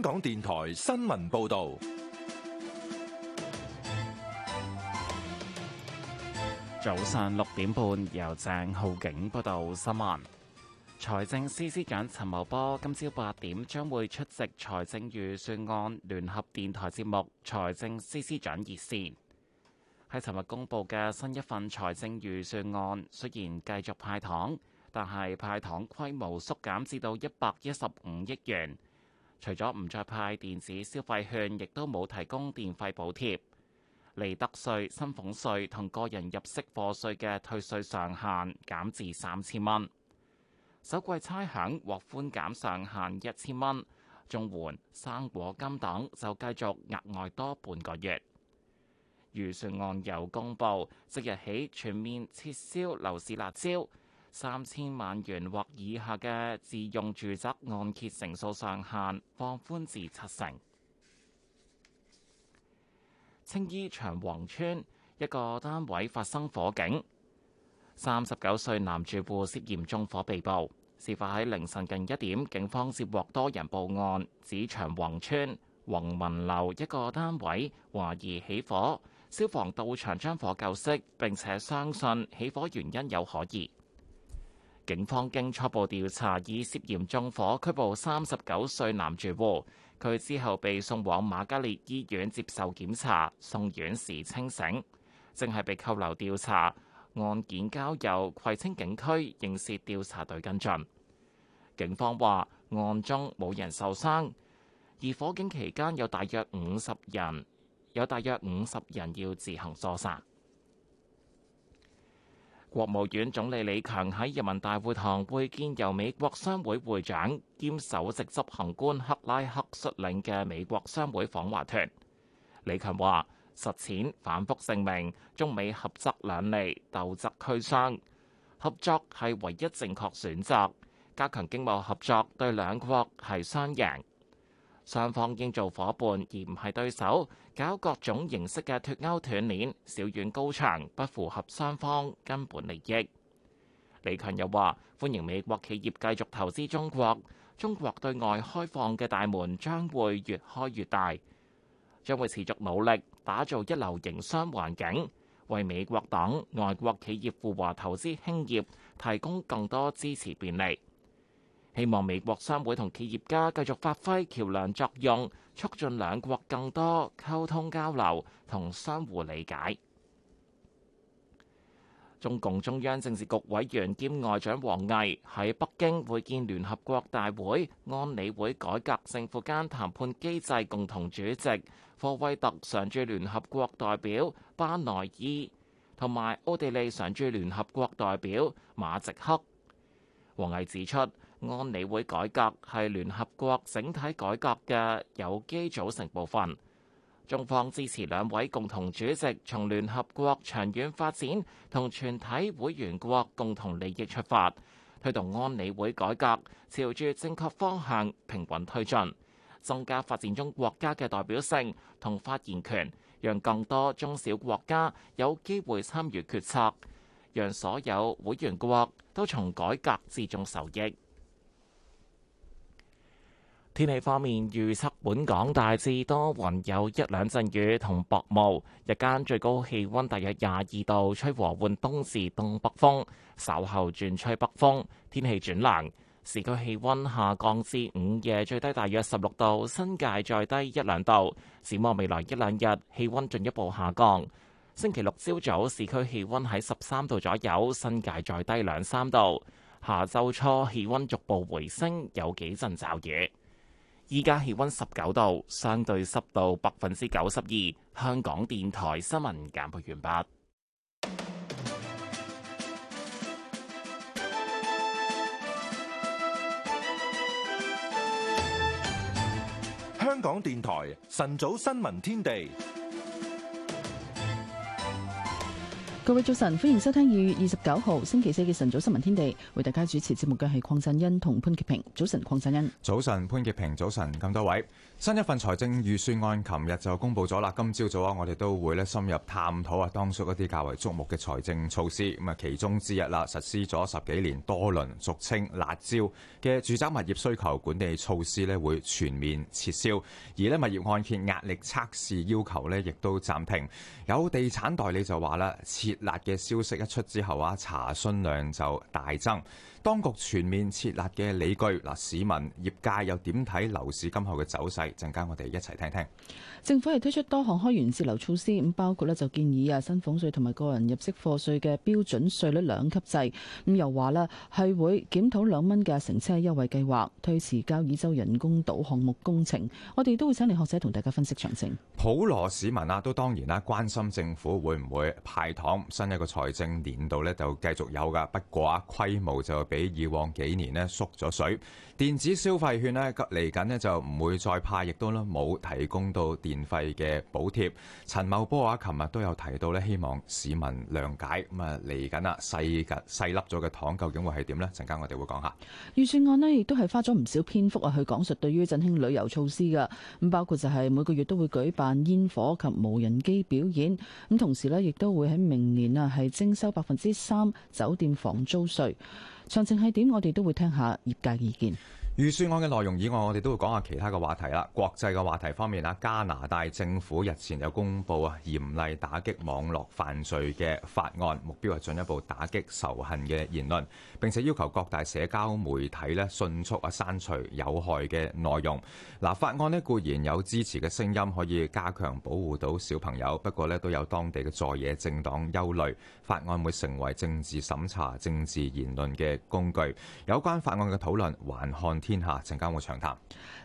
香港電台新聞報道，早上六點半由鄭浩景報道新聞。財政司司長陳茂波今朝八點將會出席財政預算案聯合電台節目《財政司司長熱線》。喺尋日公布嘅新一份財政預算案，雖然繼續派糖，但係派糖規模縮減至到一百一十五億元。除咗唔再派電子消費券，亦都冇提供電費補貼。利得稅、薪俸稅同個人入息課稅嘅退稅上限減至三千蚊。首季差餉獲寬減上限一千蚊，綜援、生果金等就繼續額外多半個月。預算案又公布，即日起全面撤銷樓市辣招。三千萬元或以下嘅自用住宅按揭成數上限放寬至七成。青衣長宏邨一個單位發生火警，三十九歲男住戶涉嫌縱火被捕。事發喺凌晨近一點，警方接獲多人報案，指長宏邨宏文樓一個單位懷疑起火，消防到場將火救熄，並且相信起火原因有可疑。警方經初步調查，以涉嫌縱火拘捕三十九歲男住戶，佢之後被送往瑪嘉烈醫院接受檢查，送院時清醒，正係被扣留調查。案件交由葵青警區刑事調查隊跟進。警方話，案中冇人受傷，而火警期間有大約五十人，有大約五十人要自行疏散。國務院總理李強喺人民大會堂會見由美國商會會長兼首席執行官克拉克率領嘅美國商會訪華團。李強話：實踐反覆證明，中美合則兩利，鬥則俱傷，合作係唯一正確選擇。加強經貿合作對兩國係雙贏。雙方應做夥伴而唔係對手，搞各種形式嘅脫鉤斷鏈，小院高牆，不符合雙方根本利益。李強又話：歡迎美國企業繼續投資中國，中國對外開放嘅大門將會越開越大，將會持續努力打造一流營商環境，為美國等外國企業赴華投資興業提供更多支持便利。希望美國商會同企業家繼續發揮橋梁作用，促進兩國更多溝通交流同相互理解。中共中央政治局委員兼外長王毅喺北京會見聯合國大會安理會改革政府間談判機制共同主席科威特常駐聯合國代表巴內伊，同埋奧地利常駐聯合國代表馬席克。王毅指出，安理會改革係聯合國整體改革嘅有機組成部分。中方支持兩位共同主席，從聯合國長遠發展同全體會員國共同利益出發，推動安理會改革，朝住正確方向平穩推進，增加發展中國家嘅代表性同發言權，讓更多中小國家有機會參與決策，讓所有會員國都從改革之中受益。天氣方面，預測本港大致多雲，有一兩陣雨同薄霧。日間最高氣溫大約廿二度，吹和緩東至東北風，稍後轉吹北風，天氣轉涼。市區氣溫下降至午夜最低大約十六度，新界再低一兩度。展望未來一兩日，氣溫進一步下降。星期六朝早市區氣溫喺十三度左右，新界再低兩三度。下周初氣溫逐步回升，有幾陣驟雨。依家氣温十九度，相對濕度百分之九十二。香港電台新聞簡報完畢。香港電台晨早新聞天地。各位早晨，歡迎收聽二月二十九號星期四嘅晨早新聞天地。為大家主持節目嘅係鄺振欣同潘潔平。早晨，鄺振欣。早晨，潘潔平。早晨，咁多位。新一份財政預算案，琴日就公布咗啦。今朝早啊，我哋都會咧深入探討啊，當中一啲較為矚目嘅財政措施。咁啊，其中之一啦，實施咗十幾年多輪，俗稱「辣招」嘅住宅物業需求管理措施咧，會全面撤銷。而咧物業按揭壓力測試要求咧，亦都暫停。有地產代理就話啦，撤辣嘅消息一出之後啊，查詢量就大增。當局全面設立嘅理據，嗱，市民業界又點睇樓市今後嘅走勢？陣間我哋一齊聽聽。政府係推出多項開源節流措施，咁包括咧，就建議啊薪俸稅同埋個人入息課稅嘅標準稅率兩級制，咁又話啦，係會檢討兩蚊嘅乘車優惠計劃，推遲交椅洲人工島項目工程。我哋都會請嚟學者同大家分析詳情。普羅市民啊，都當然啦，關心政府會唔會派糖，新一個財政年度咧，就繼續有噶，不過啊規模就比以往幾年咧縮咗水。電子消費券咧，嚟緊咧就唔會再派，亦都啦冇提供到。電費嘅補貼，陳茂波嘅話，琴日都有提到咧，希望市民諒解。咁啊，嚟緊啊，細細粒咗嘅糖，究竟會係點呢？陣間我哋會講下預算案呢，亦都係花咗唔少篇幅啊，去講述對於振興旅遊措施嘅。咁包括就係每個月都會舉辦煙火及無人機表演。咁同時呢，亦都會喺明年啊，係徵收百分之三酒店房租稅。詳情係點，我哋都會聽下業界意見。預算案嘅內容以外，我哋都會講下其他嘅話題啦。國際嘅話題方面，啊，加拿大政府日前有公布啊嚴厲打擊網絡犯罪嘅法案，目標係進一步打擊仇恨嘅言論，並且要求各大社交媒體呢迅速啊刪除有害嘅內容。嗱，法案呢固然有支持嘅聲音，可以加強保護到小朋友，不過呢都有當地嘅在野政黨憂慮，法案會成為政治審查、政治言論嘅工具。有關法案嘅討論，還看天下，陣間會長談。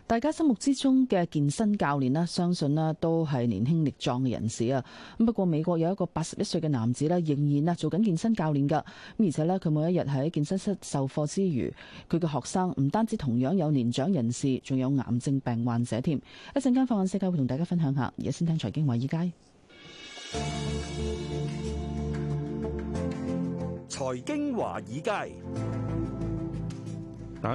大家心目之中嘅健身教練咧，相信咧都係年輕力壯嘅人士啊。咁不過美國有一個八十一歲嘅男子咧，仍然啊做緊健身教練噶。咁而且咧，佢每一日喺健身室授課之餘，佢嘅學生唔單止同樣有年長人士，仲有癌症病患者添。一陣間放眼世界，會同大家分享下。而家先聽財經華爾街，財經華爾街。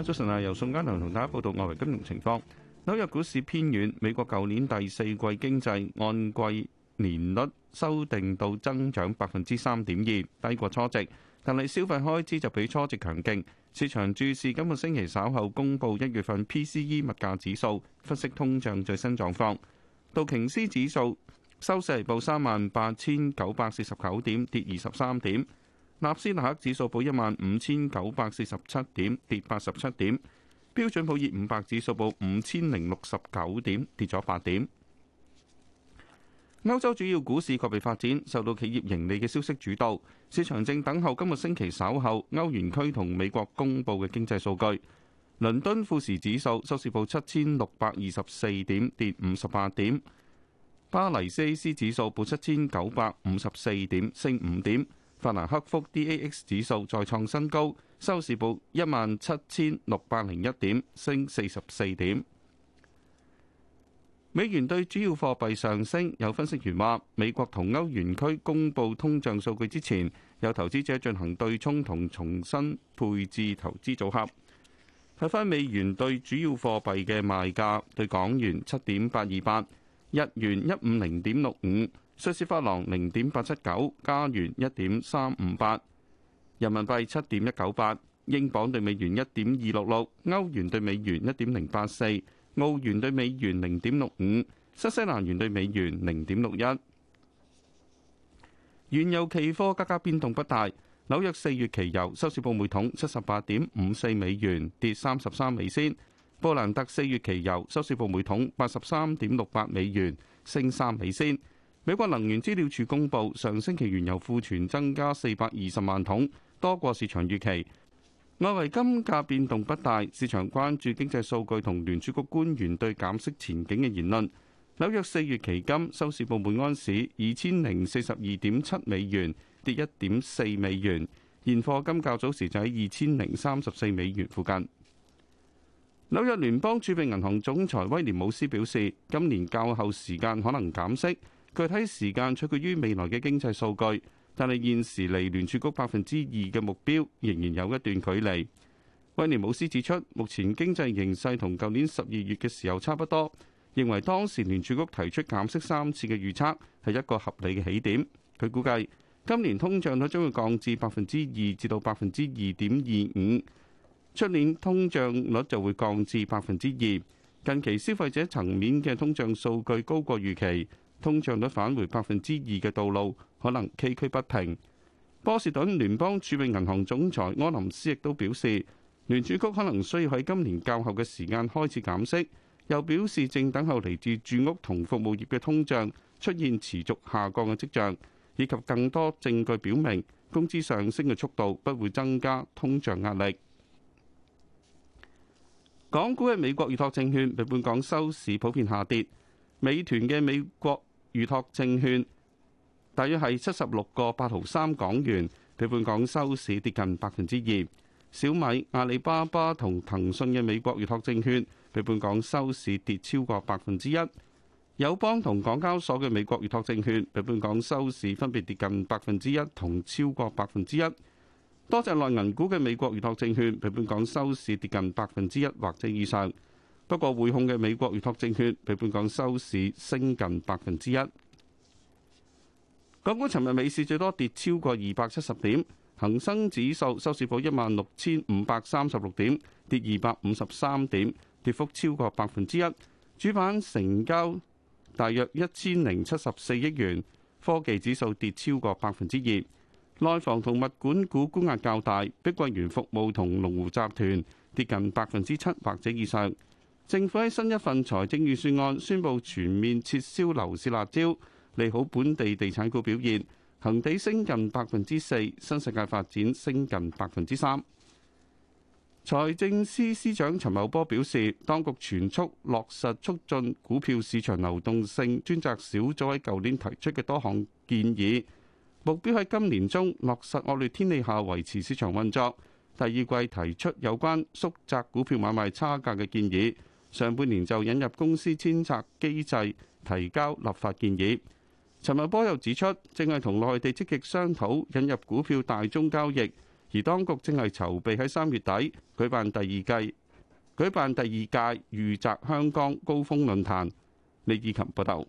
早晨啊！由宋家良同大家報道外圍金融情況。紐約股市偏軟，美國舊年第四季經濟按季年率修訂到增長百分之三點二，低過初值。但係消費開支就比初值強勁。市場注視今個星期稍後公布一月份 PCE 物價指數，分析通脹最新狀況。道瓊斯指數收市報三萬八千九百四十九點，跌二十三點。納斯達克指數報一萬五千九百四十七點，跌八十七點。標準普爾五百指數報五千零六十九點，跌咗八點。歐洲主要股市個別發展，受到企業盈利嘅消息主導，市場正等候今個星期稍後歐元區同美國公佈嘅經濟數據。倫敦富時指數收市報七千六百二十四點，跌五十八點。巴黎 CAC 指數報七千九百五十四點，升五點。法蘭克福 DAX 指數再創新高，收市報一萬七千六百零一點，升四十四點。美元對主要貨幣上升，有分析員話，美國同歐元區公布通脹數據之前，有投資者進行對沖同重新配置投資組合。睇返美元對主要貨幣嘅賣價，對港元七點八二八，日元一五零點六五。瑞士法郎零點八七九，加元一點三五八，人民幣七點一九八，英鎊對美元一點二六六，歐元對美元一點零八四，澳元對美元零點六五，新西蘭元對美元零點六一。原油期貨價格變動不大，紐約四月期油收市報每桶七十八點五四美元，跌三十三美仙。布蘭特四月期油收市報每桶八十三點六八美元，升三美仙。美國能源資料處公布，上星期原油庫存增加四百二十萬桶，多過市場預期。外圍金價變動不大，市場關注經濟數據同聯儲局官員對減息前景嘅言論。紐約四月期金收市報每安士二千零四十二點七美元，跌一點四美元。現貨金較早時就喺二千零三十四美元附近。紐約聯邦儲備銀行總裁威廉姆斯表示，今年較後時間可能減息。具體時間取決於未來嘅經濟數據，但係現時離聯儲局百分之二嘅目標仍然有一段距離。威廉姆斯指出，目前經濟形勢同舊年十二月嘅時候差不多，認為當時聯儲局提出減息三次嘅預測係一個合理嘅起點，佢估計今年通脹率將會降至百分之二至到百分之二點二五，出年通脹率就會降至百分之二。近期消費者層面嘅通脹數據高過預期。通脹率返回百分之二嘅道路可能崎嶇不平。波士頓聯邦儲備銀行總裁安林斯亦都表示，聯儲局可能需要喺今年較後嘅時間開始減息。又表示正等候嚟自住屋同服務業嘅通脹出現持續下降嘅跡象，以及更多證據表明工資上升嘅速度不會增加通脹壓力。港股嘅美國預託證券被本港收市普遍下跌，美團嘅美國。預託證券大約係七十六個八毫三港元，比本港收市跌近百分之二。小米、阿里巴巴同騰訊嘅美國預託證券比本港收市跌超過百分之一。友邦同港交所嘅美國預託證券比本港收市分別跌近百分之一同超過百分之一。多隻內銀股嘅美國預託證券比本港收市跌近百分之一或者以上。不過，匯控嘅美國預託證券比本港收市升近百分之一。港股尋日美市最多跌超過二百七十點，恒生指數收市報一萬六千五百三十六點，跌二百五十三點，跌幅超過百分之一。主板成交大約一千零七十四億元，科技指數跌超過百分之二，內房同物管股沽壓較大，碧桂園服務同龍湖集團跌近百分之七或者以上。政府喺新一份財政預算案宣布全面撤銷樓市辣招，利好本地地產股表現。恒地升近百分之四，新世界發展升近百分之三。財政司司長陳茂波表示，當局全速落實促進股票市場流動性專責小組喺舊年提出嘅多項建議，目標喺今年中落實惡劣天氣下維持市場運作。第二季提出有關縮窄股票買賣差價嘅建議。上半年就引入公司遷冊機制，提交立法建議。陳茂波又指出，正係同內地積極商討引入股票大宗交易，而當局正係籌備喺三月底舉辦第二屆舉辦第二屆裕澤香港高峰論壇。李以琴報道。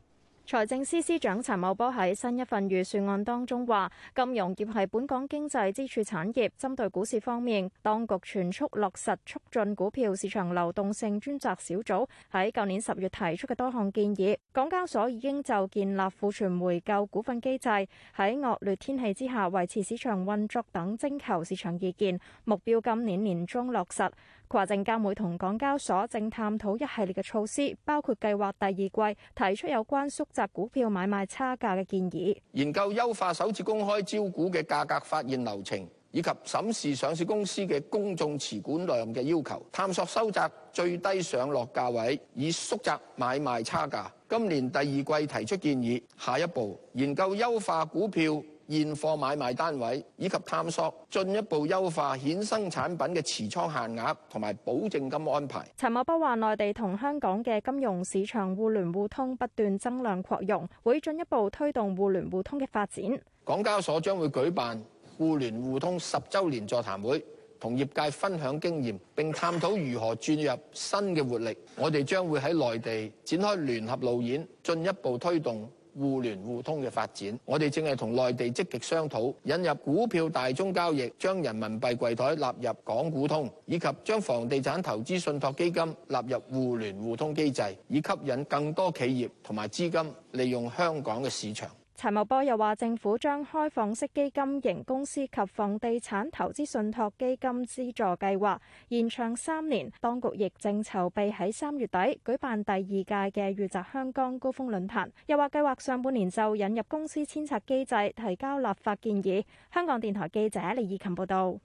財政司司長陳茂波喺新一份預算案當中話，金融業係本港經濟支柱產業。針對股市方面，當局全速落實促進股票市場流動性專責小組喺舊年十月提出嘅多項建議。港交所已經就建立庫存回購股份機制喺惡劣天氣之下維持市場運作等徵求市場意見，目標今年年中落實。華證監會同港交所正探討一系列嘅措施，包括計劃第二季提出有關縮窄股票買賣差價嘅建議，研究優化首次公開招股嘅價格發現流程，以及審視上市公司嘅公眾持股量嘅要求，探索收窄最低上落價位以縮窄買賣差價，今年第二季提出建議，下一步研究優化股票。現貨買賣單位，以及探索進一步優化衍生產品嘅持倉限額同埋保證金安排。陳茂波話，內地同香港嘅金融市場互聯互通不斷增量擴容，會進一步推動互聯互通嘅發展。港交所將會舉辦互聯互通十週年座談會，同業界分享經驗，並探討如何注入新嘅活力。我哋將會喺內地展開聯合路演，進一步推動。互聯互通嘅發展，我哋正係同內地積極商討引入股票大宗交易，將人民幣櫃台納入港股通，以及將房地產投資信託基金納入互聯互通機制，以吸引更多企業同埋資金利用香港嘅市場。陳茂波又話，政府將開放式基金型公司及房地產投資信託基金資助計劃延長三年。當局亦正籌備喺三月底舉辦第二屆嘅裕澤香港高峰論壇。又話計劃上半年就引入公司遷冊機制，提交立法建議。香港電台記者李以琴報道。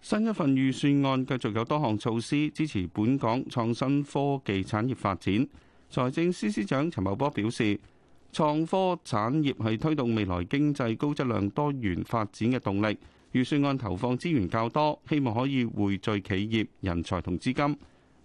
新一份預算案繼續有多項措施支持本港創新科技產業發展。財政司司長陳茂波表示，創科產業係推動未來經濟高質量多元發展嘅動力，預算案投放資源較多，希望可以匯聚企業、人才同資金。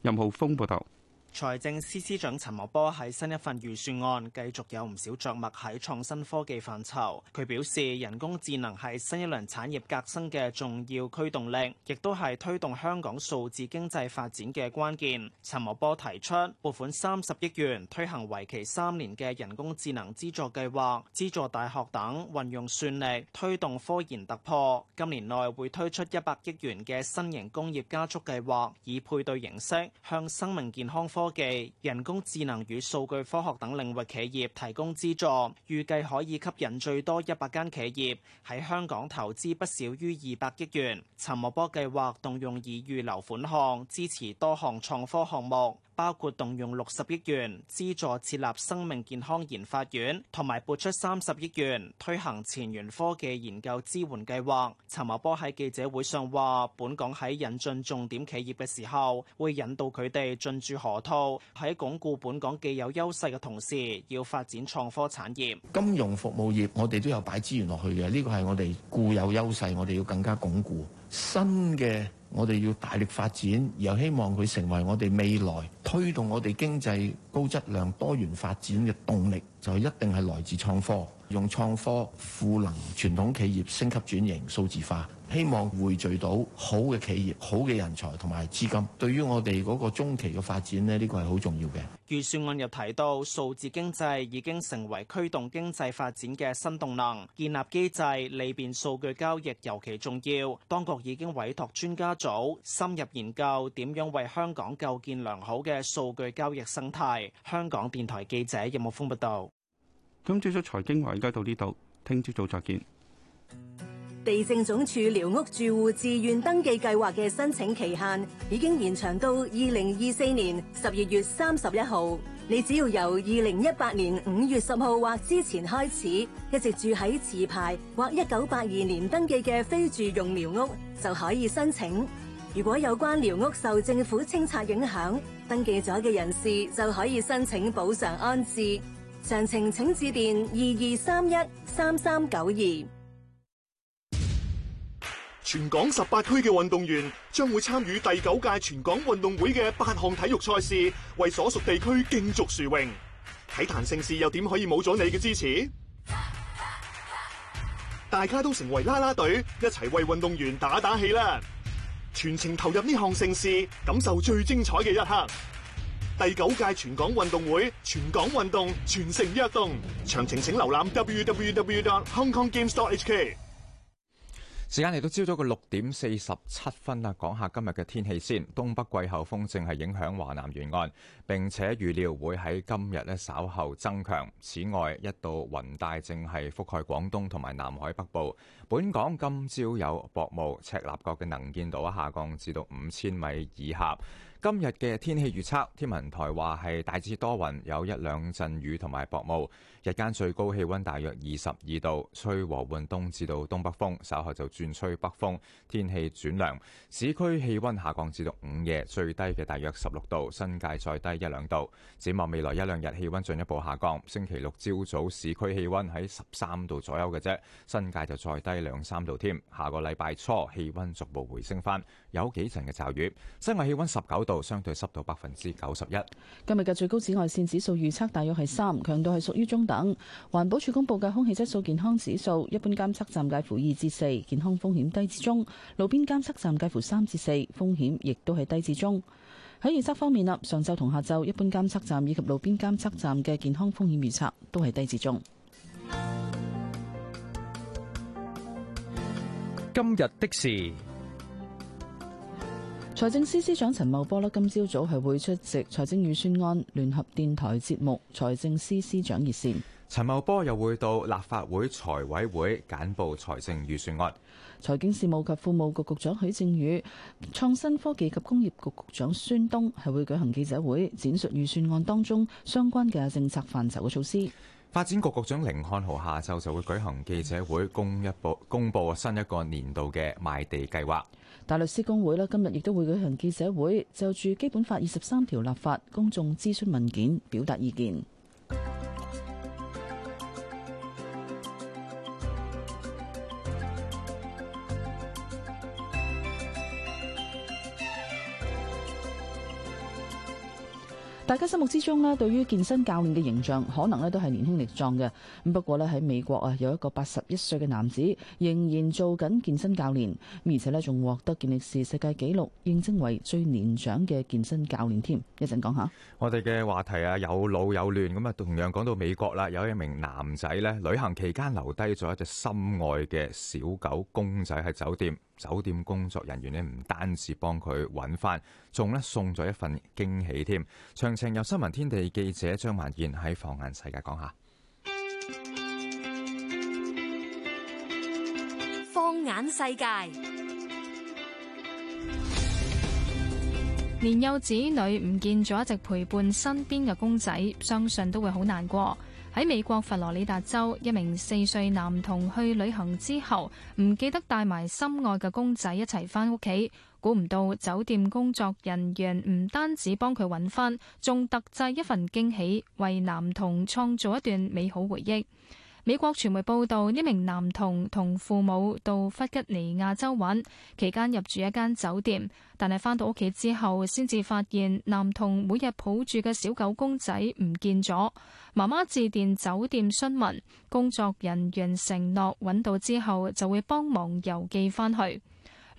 任浩峰報道。財政司司長陳茂波喺新一份預算案繼續有唔少着墨喺創新科技範疇。佢表示人工智能係新一輪產業革新嘅重要驅動力，亦都係推動香港數字經濟發展嘅關鍵。陳茂波提出撥款三十億元推行為期三年嘅人工智能資助計劃，資助大學等運用算力推動科研突破。今年內會推出一百億元嘅新型工業加速計劃，以配對形式向生命健康科科技、人工智能與數據科學等領域企業提供資助，預計可以吸引最多一百間企業喺香港投資，不少於二百億元。陳茂波計劃動用已預留款項，支持多項創科項目。包括動用六十億元資助設立生命健康研發院，同埋撥出三十億元推行前沿科技研究支援計劃。陳茂波喺記者會上話，本港喺引進重點企業嘅時候，會引導佢哋進駐河套，喺鞏固本港既有優勢嘅同時，要發展創科產業。金融服務業我哋都有擺資源落去嘅，呢個係我哋固有優勢，我哋要更加鞏固。新嘅我哋要大力發展，又希望佢成為我哋未來推動我哋經濟高質量多元發展嘅動力，就一定係來自創科，用創科賦能傳統企業升級轉型數字化。希望匯聚到好嘅企業、好嘅人才同埋資金，對於我哋嗰個中期嘅發展咧，呢、呢個係好重要嘅。預算案又提到，數字經濟已經成為驅動經濟發展嘅新動能，建立機制利便數據交易尤其重要。當局已經委託專家組深入研究點樣為香港構建良好嘅數據交易生態，香港電台記者任木峰報道。咁，朝早財經話已經到呢度，聽朝早再見。地政總署寮屋住戶自願登記計劃嘅申請期限已經延長到二零二四年十二月三十一號。你只要由二零一八年五月十號或之前開始，一直住喺持牌或一九八二年登記嘅非住用寮屋，就可以申請。如果有關寮屋受政府清拆影響，登記咗嘅人士就可以申請補償安置。詳情請致電二二三一三三九二。全港十八區嘅運動員將會參與第九屆全港運動會嘅八項體育賽事，為所屬地區競逐殊榮。體壇盛事又點可以冇咗你嘅支持？大家都成為啦啦隊，一齊為運動員打打氣啦！全程投入呢項盛事，感受最精彩嘅一刻。第九屆全港運動會，全港運動，全城躍動。詳情請瀏覽 www.hongkonggames.hk。時間嚟到朝早嘅六點四十七分啦，講下今日嘅天氣先。東北季候風正係影響華南沿岸，並且預料會喺今日呢稍後增強。此外，一道雲帶正係覆蓋廣東同埋南海北部。本港今朝有薄霧，赤鱲角嘅能見度下降至到五千米以下。今日嘅天氣預測，天文台話係大致多雲，有一兩陣雨同埋薄霧。日間最高氣温大約二十二度，吹和緩東至到東北風，稍後就轉吹北風，天氣轉涼。市區氣温下降至到午夜最低嘅大約十六度，新界再低一兩度。展望未來一兩日氣温進一步下降，星期六朝早市區氣温喺十三度左右嘅啫，新界就再低兩三度添。下個禮拜初氣温逐步回升返，有幾層嘅驟雨。室外氣温十九度，相對濕度百分之九十一。今日嘅最高紫外線指數預測大約係三，強度係屬於中等。等環保署公布嘅空氣質素健康指數，一般監測站介乎二至四，健康風險低至中；路邊監測站介乎三至四，風險亦都係低至中。喺預測方面啦，上晝同下晝一般監測站以及路邊監測站嘅健康風險預測都係低至中。今日的事。財政司司長陳茂波呢，今朝早係會出席財政預算案聯合電台節目《財政司司長熱線》。陳茂波又會到立法會財委會簡報財政預算案。財經事務及庫務局局，局長許正宇、創新科技及工業局局，局長孫東係會舉行記者會，闡述預算案當中相關嘅政策範疇嘅措施。發展局局長甯漢豪下晝就會舉行記者會，公一步公布新一個年度嘅賣地計劃。大律師工會咧今日亦都會舉行記者會，就住《基本法》二十三條立法公眾諮詢文件表達意見。大家心目之中咧，對於健身教練嘅形象，可能咧都係年輕力壯嘅。咁不過咧，喺美國啊，有一個八十一歲嘅男子仍然做緊健身教練，而且咧仲獲得健力士世界紀錄，認證為最年長嘅健身教練添。講一陣講下。我哋嘅話題啊，有老有嫩，咁啊同樣講到美國啦，有一名男仔咧，旅行期間留低咗一隻心愛嘅小狗公仔喺酒店。酒店工作人員咧，唔單止幫佢揾翻，仲咧送咗一份驚喜添。詳情由新聞天地記者張萬賢喺《放眼世界》講下。放眼世界，年幼子女唔見咗一直陪伴身邊嘅公仔，相信都會好難過。喺美國佛羅里達州，一名四歲男童去旅行之後，唔記得帶埋心愛嘅公仔一齊返屋企，估唔到酒店工作人員唔單止幫佢搵返，仲特製一份驚喜，為男童創造一段美好回憶。美國傳媒報道，呢名男童同父母到弗吉尼亞州搵期間，入住一間酒店，但係翻到屋企之後，先至發現男童每日抱住嘅小狗公仔唔見咗。媽媽致電酒店詢問，工作人員承諾搵到之後就會幫忙郵寄翻去。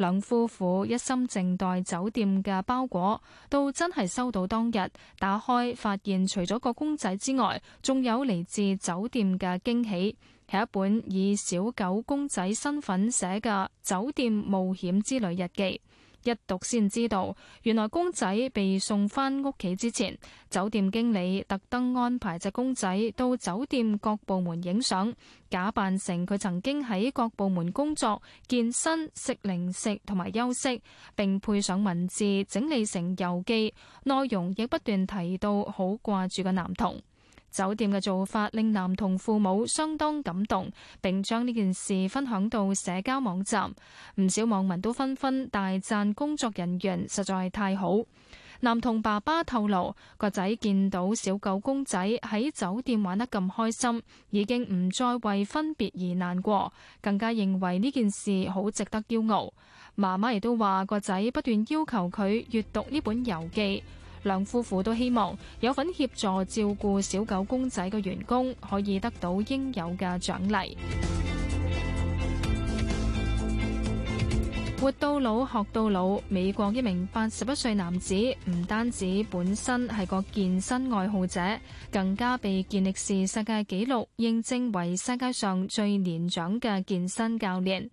兩夫婦一心靜待酒店嘅包裹，都真係收到當日，打開，發現，除咗個公仔之外，仲有嚟自酒店嘅驚喜，係一本以小狗公仔身份寫嘅酒店冒險之旅日記。一讀先知道，原來公仔被送返屋企之前，酒店經理特登安排隻公仔到酒店各部門影相，假扮成佢曾經喺各部門工作、健身、食零食同埋休息，並配上文字整理成遊記，內容亦不斷提到好掛住個男童。酒店嘅做法令男童父母相當感動，並將呢件事分享到社交網站，唔少網民都紛紛大讚工作人員實在太好。男童爸爸透露，個仔見到小狗公仔喺酒店玩得咁開心，已經唔再為分別而難過，更加認為呢件事好值得驕傲。媽媽亦都話，個仔不斷要求佢閱讀呢本遊記。梁夫婦都希望有份協助照顧小狗公仔嘅員工可以得到應有嘅獎勵。 活到老，學到老，美國一名八十一歲男子唔單止本身係個健身愛好者，更加被健力士世界紀錄認證為世界上最年長嘅健身教練。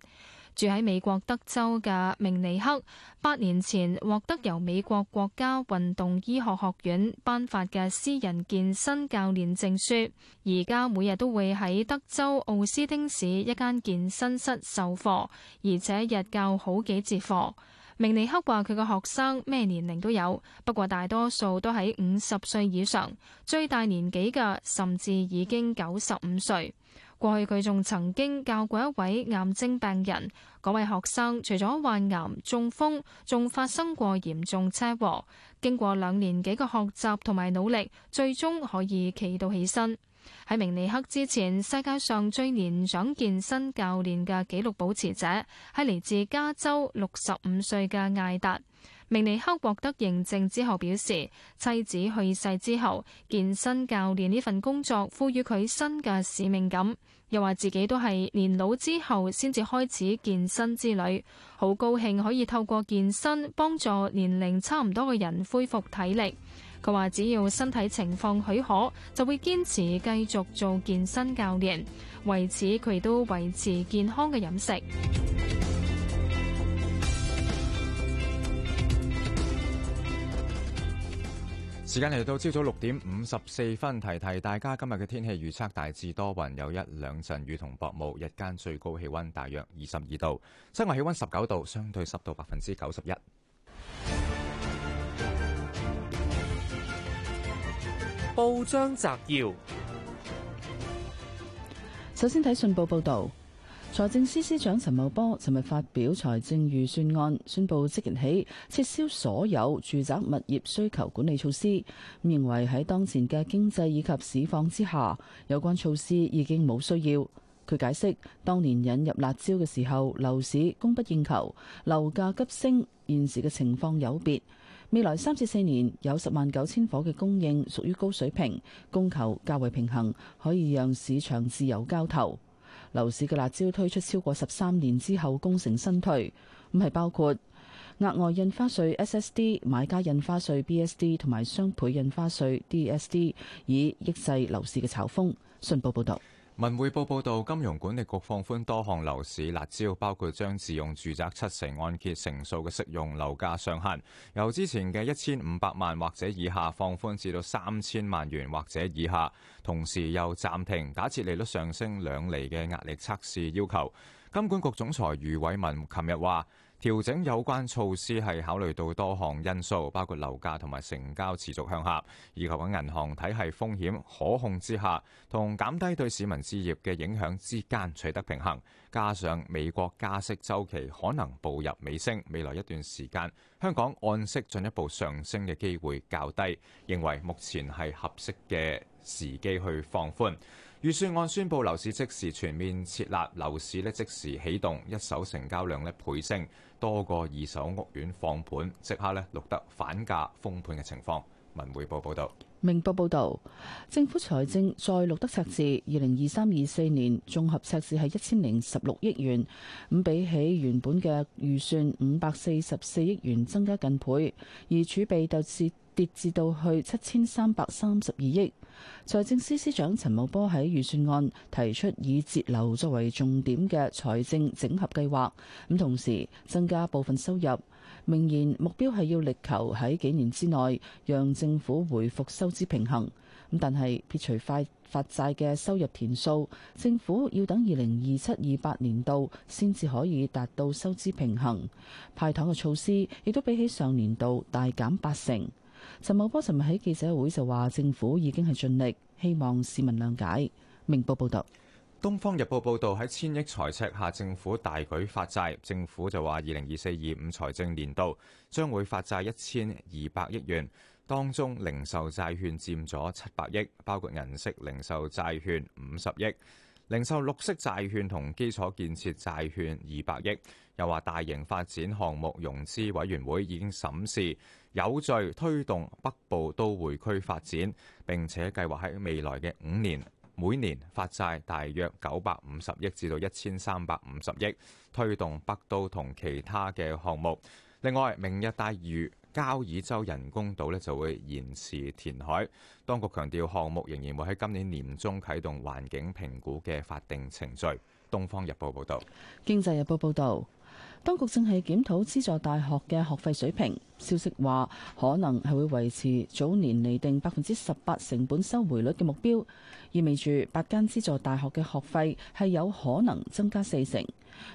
住喺美國德州嘅明尼克，八年前獲得由美國國家運動醫學學院頒發嘅私人健身教練證書，而家每日都會喺德州奧斯丁市一間健身室授課，而且日教好幾節課。明尼克話：佢嘅學生咩年齡都有，不過大多數都喺五十歲以上，最大年紀嘅甚至已經九十五歲。過去佢仲曾經教過一位癌症病人，嗰位學生除咗患癌、中風，仲發生過嚴重車禍。經過兩年幾嘅學習同埋努力，最終可以企到起身。喺明尼克之前，世界上最年長健身教練嘅紀錄保持者係嚟自加州六十五歲嘅艾達。明尼克獲得認證之後表示，妻子去世之後，健身教練呢份工作賦予佢新嘅使命感。又話自己都係年老之後先至開始健身之旅，好高興可以透過健身幫助年齡差唔多嘅人恢復體力。佢話只要身體情況許可，就會堅持繼續做健身教練。為此，佢亦都維持健康嘅飲食。時間嚟到朝早六點五十四分，提提大家今日嘅天氣預測大致多雲，有一兩陣雨同薄霧，日間最高氣溫大約二十二度，室外氣溫十九度，相對濕度百分之九十一。報章摘要，首先睇信報報道。財政司司長陳茂波尋日發表財政預算案，宣布即日起撤銷所有住宅物業需求管理措施。咁認為喺當前嘅經濟以及市況之下，有關措施已經冇需要。佢解釋，當年引入辣招嘅時候，樓市供不應求，樓價急升。現時嘅情況有別，未來三至四年有十萬九千伙嘅供應，屬於高水平，供求較為平衡，可以讓市場自由交投。樓市嘅辣椒推出超過十三年之後功成身退，咁係包括額外印花稅 S S D、買家印花稅 B S D 同埋雙倍印花稅 D S D，以抑制樓市嘅炒風。信報報道。文匯報報道，金融管理局放寬多項樓市辣招，包括將自用住宅七成按揭成數嘅適用樓價上限，由之前嘅一千五百萬或者以下放寬至到三千萬元或者以下，同時又暫停假設利率上升兩厘嘅壓力測試要求。金管局總裁余偉文琴日話。調整有關措施係考慮到多項因素，包括樓價同埋成交持續向下，以及銀行體系風險可控之下，同減低對市民置業嘅影響之間取得平衡。加上美國加息週期可能步入尾聲，未來一段時間，香港按息進一步上升嘅機會較低，認為目前係合適嘅時機去放寬。預算案宣布樓市即時全面撤辣，樓市咧即時起動，一手成交量咧倍升，多個二手屋苑放盤即刻咧錄得反價封盤嘅情況。文匯報報道：「明報報道，政府財政再錄得赤字，二零二三二四年綜合赤字係一千零十六億元，咁比起原本嘅預算五百四十四億元增加近倍，而儲備就涉。跌至到去七千三百三十二億。財政司司長陳茂波喺預算案提出以節流作為重點嘅財政整合計劃，咁同時增加部分收入，明言目標係要力求喺幾年之內讓政府回復收支平衡。咁但係撇除快發債嘅收入填數，政府要等二零二七二八年度先至可以達到收支平衡。派糖嘅措施亦都比起上年度大減八成。陳茂波尋日喺記者會就話，政府已經係盡力，希望市民諒解。明報報道，《東方日報》報道喺千億財赤下，政府大舉發債。政府就話，二零二四二五財政年度將會發債一千二百億元，當中零售債券佔咗七百億，包括銀色零售債券五十億。零售綠色債券同基礎建設債券二百億，又話大型發展項目融資委員會已經審視，有序推動北部都會區發展，並且計劃喺未來嘅五年每年發債大約九百五十億至到一千三百五十億，推動北都同其他嘅項目。另外，明日大嶼。交椅洲人工島咧就會延遲填海，當局強調項目仍然會喺今年年中啟動環境評估嘅法定程序。《東方日報》報道，《經濟日報》報道，當局正係檢討資助大學嘅學費水平，消息話可能係會維持早年釐定百分之十八成本收回率嘅目標，意味住八間資助大學嘅學費係有可能增加四成。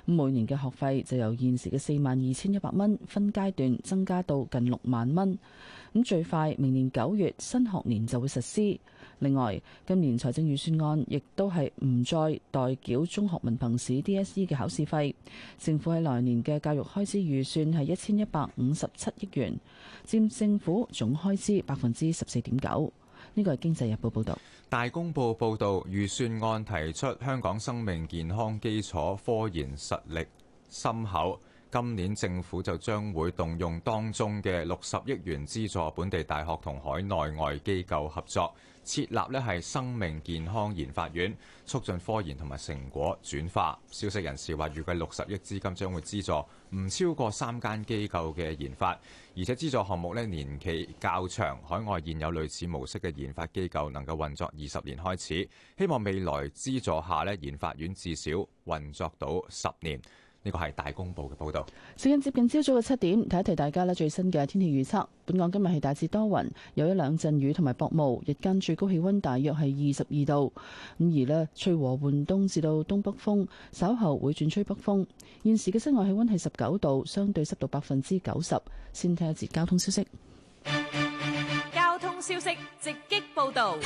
每年嘅學費就由現時嘅四萬二千一百蚊分階段增加到近六萬蚊。咁最快明年九月新學年就會實施。另外，今年財政預算案亦都係唔再代繳中學文憑試 DSE 嘅考試費。政府喺來年嘅教育開支預算係一千一百五十七億元，佔政府總開支百分之十四點九。呢個係《經濟日報》報導，《大公報》報導，預算案提出香港生命健康基礎科研實力深厚，今年政府就將會動用當中嘅六十億元資助本地大學同海內外機構合作。設立呢係生命健康研發院，促進科研同埋成果轉化。消息人士話預計六十億資金將會資助唔超過三間機構嘅研發，而且資助項目呢年期較長。海外現有類似模式嘅研發機構能夠運作二十年開始，希望未來資助下呢研發院至少運作到十年。呢個係大公報嘅報導。時間接近朝早嘅七點，睇一提大家呢最新嘅天氣預測。本港今日係大致多雲，有一兩陣雨同埋薄霧。日間最高氣温大約係二十二度。咁而呢，吹和緩東至到東北風，稍後會轉吹北風。現時嘅室外氣温係十九度，相對濕度百分之九十。先聽一節交通消息。交通消息直擊報導。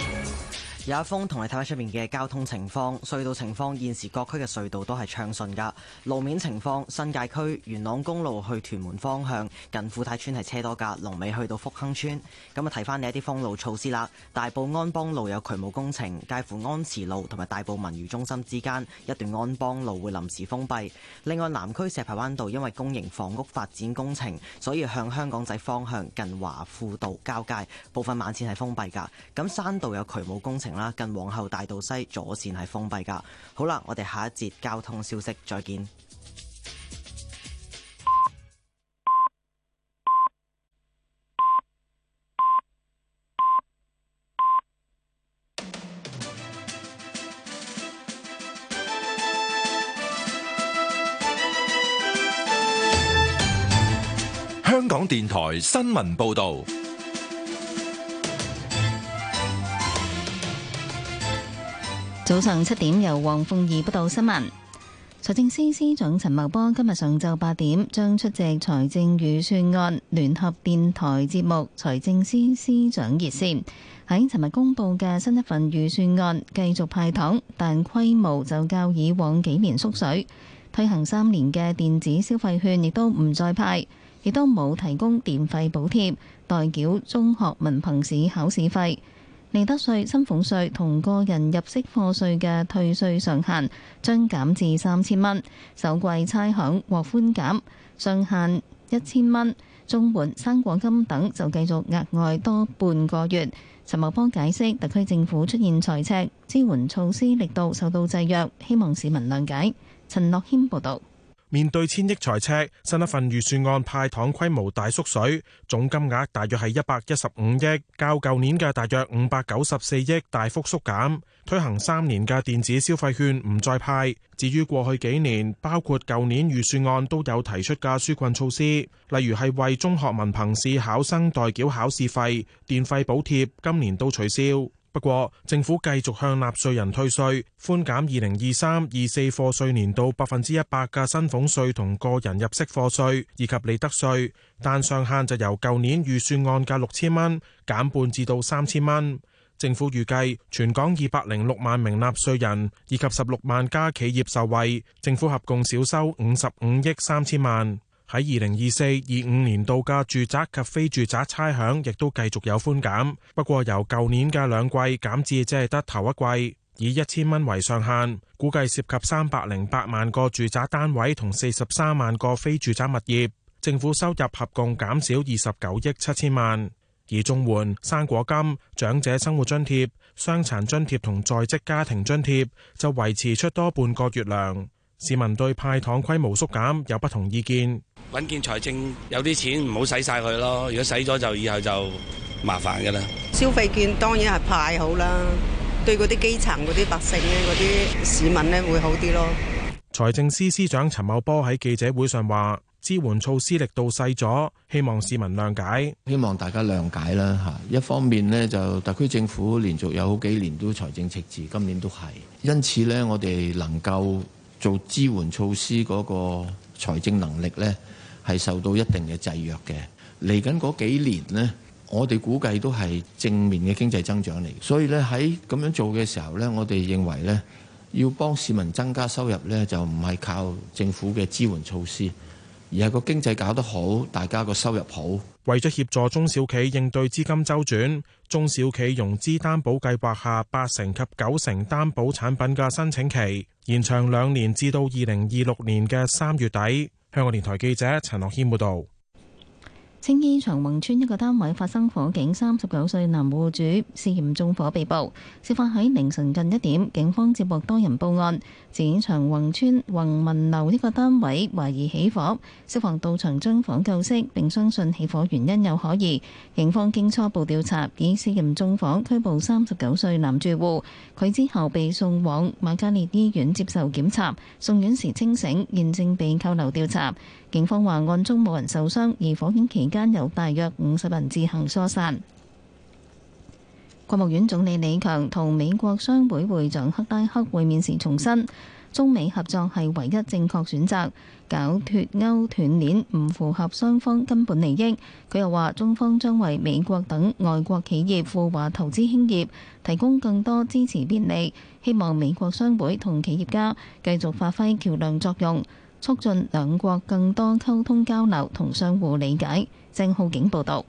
有一封同你睇翻出面嘅交通情況，隧道情況，現時各區嘅隧道都係暢順噶路面情況，新界區元朗公路去屯門方向近富泰村係車多噶，龍尾去到福亨村。咁啊提翻你一啲封路措施啦。大埔安邦路有渠務工程，介乎安慈路同埋大埔文娛中心之間一段安邦路會臨時封閉，另外，南區石排灣道因為公營房屋發展工程，所以向香港仔方向近華富道交界部分慢線係封閉噶。咁山道有渠務工程。近皇后大道西左線係封閉噶。好啦，我哋下一節交通消息，再見。香港電台新聞報道。早上七點由黃鳳儀報道新聞。財政司司長陳茂波今日上晝八點將出席財政預算案聯合電台節目《財政司司長熱線》。喺尋日公布嘅新一份預算案，繼續派糖，但規模就較以往幾年縮水。推行三年嘅電子消費券亦都唔再派，亦都冇提供電費補貼，代繳中學文憑試考試費。利得稅、薪俸稅同個人入息課稅嘅退稅上限將減至三千蚊，首季差餉獲寬減上限一千蚊，綜援、生果金等就繼續額外多半個月。陳茂波解釋，特區政府出現財赤，支援措施力度受到制約，希望市民諒解。陳諾軒報道。面對千億財赤，新一份預算案派糖規模大縮水，總金額大約係一百一十五億，較舊年嘅大約五百九十四億大幅縮減。推行三年嘅電子消費券唔再派。至於過去幾年，包括舊年預算案都有提出嘅紓困措施，例如係為中學文憑試考生代繳考試費、電費補貼，今年都取消。不過政府繼續向納稅人退稅，寬減二零二三二四課稅年度百分之一百嘅薪俸稅同個人入息課稅以及利得稅，但上限就由舊年預算案嘅六千蚊減半至到三千蚊。政府預計全港二百零六萬名納稅人以及十六萬家企業受惠，政府合共少收五十五億三千萬。喺二零二四二五年度嘅住宅及非住宅差餉亦都繼續有寬減。不過由舊年嘅兩季減至只係得頭一季，以一千蚊為上限，估計涉及三百零八萬個住宅單位同四十三萬個非住宅物業，政府收入合共減少二十九億七千萬。而綜援生果金、長者生活津貼、傷殘津貼同在職家庭津貼就維持出多半個月糧。市民對派糖規模縮減有不同意見。穩健財政有啲錢唔好使晒佢咯，如果使咗就以後就麻煩噶啦。消費券當然係派好啦，對嗰啲基層嗰啲百姓咧、嗰啲市民呢會好啲咯。財政司司長陳茂波喺記者會上話，支援措施力度細咗，希望市民諒解。希望大家諒解啦嚇，一方面呢，就特區政府連續有好幾年都財政赤字，今年都係，因此呢，我哋能夠做支援措施嗰個財政能力呢，係受到一定嘅制約嘅，嚟緊嗰幾年呢，我哋估計都係正面嘅經濟增長嚟。所以咧喺咁樣做嘅時候呢，我哋認為呢，要幫市民增加收入呢，就唔係靠政府嘅支援措施，而係個經濟搞得好，大家個收入好。為咗協助中小企應對資金周轉，中小企融資擔保計劃下八成及九成擔保產品嘅申請期延長兩年，至到二零二六年嘅三月底。香港電台記者陳樂謙報道：青衣長宏村一個單位發生火警，三十九歲男戶主涉嫌縱火被捕，事發喺凌晨近一點。警方接獲多人報案。展祥，祥村宏村宏民樓呢個單位懷疑起火，消防到場將火救熄，並相信起火原因有可疑。警方經初步調查，已涉嫌縱火拘捕三十九歲男住戶，佢之後被送往瑪嘉烈醫院接受檢查，送院時清醒，現正被扣留調查。警方話案中冇人受傷，而火警期間有大約五十人自行疏散。國務院總理李強同美國商會會長克拉克會面時重申，中美合作係唯一正確選擇，搞脱歐斷鏈唔符合雙方根本利益。佢又話，中方將為美國等外國企業赴華投資興業提供更多支持便利，希望美國商會同企業家繼續發揮橋梁作用，促進兩國更多溝通交流同相互理解。鄭浩景報道。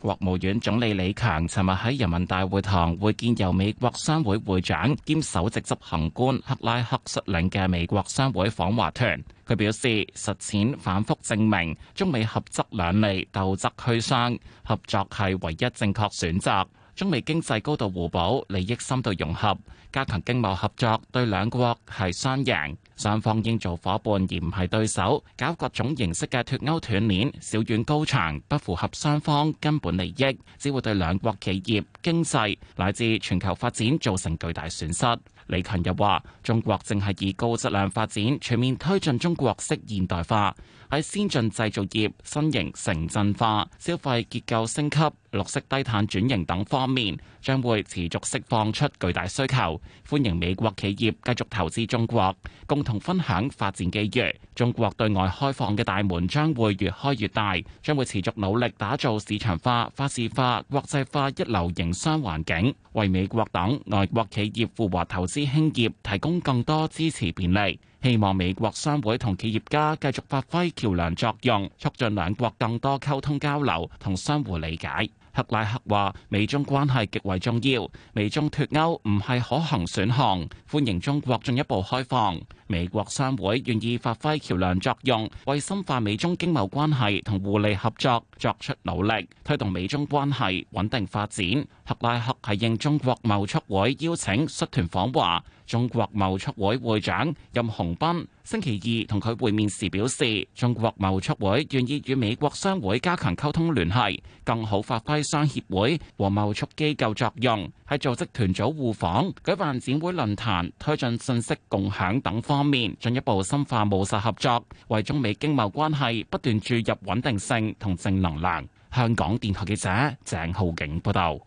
國務院總理李強尋日喺人民大會堂會見由美國商會會長兼首席執行官克拉克率領嘅美國商會訪華團。佢表示，實踐反覆證明，中美合則兩利，鬥則俱傷，合作係唯一正確選擇。中美經濟高度互補，利益深度融合，加強經貿合作對兩國係雙贏。雙方應做伙伴而唔係對手，搞各種形式嘅脱歐斷鏈、小院高牆，不符合雙方根本利益，只會對兩國企業經濟、經濟乃至全球發展造成巨大損失。李強又話：中國正係以高質量發展全面推進中國式現代化。喺先進製造業、新型城鎮化、消費結構升級、綠色低碳轉型等方面，將會持續釋放出巨大需求。歡迎美國企業繼續投資中國，共同分享發展機遇。中國對外開放嘅大門將會越開越大，將會持續努力打造市場化、法治化、國際化一流營商環境，為美國等外國企業赴華投資興業提供更多支持便利。希望美國商會同企業家繼續發揮橋梁作用，促進兩國更多溝通交流同相互理解。克拉克話：美中關係極為重要，美中脱歐唔係可行選項，歡迎中國進一步開放。美國商會願意發揮橋梁作用，為深化美中經貿關係同互利合作。作出努力，推動美中關係穩定發展。克拉克係應中國貿促會邀請率團訪華。中國貿促會會長任洪斌星期二同佢會面時表示，中國貿促會願意與美國商會加強溝通聯繫，更好發揮商協會和貿促機構作用，喺組織團組互訪、舉辦展會論壇、推進信息共享等方面進一步深化務實合作，為中美經貿關係不斷注入穩定性同正能香港電台記者鄭浩景報道。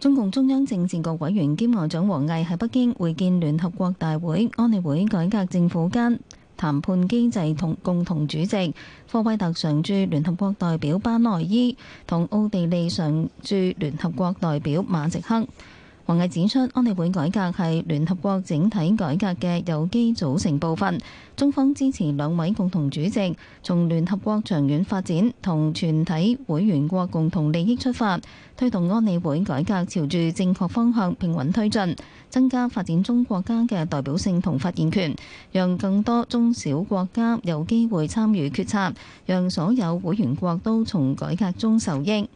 中共中央政治局委員兼外長王毅喺北京會見聯合國大會、安理會改革政府間談判機制同共同主席科威特常駐聯合國代表班內伊同奧地利常駐聯合國代表馬席克。王毅指出，安理會改革係聯合國整體改革嘅有機組成部分。中方支持兩位共同主席，從聯合國長遠發展同全體會員國共同利益出發，推動安理會改革朝住正確方向平穩推進，增加發展中國家嘅代表性同發言權，讓更多中小國家有機會參與決策，讓所有會員國都從改革中受益。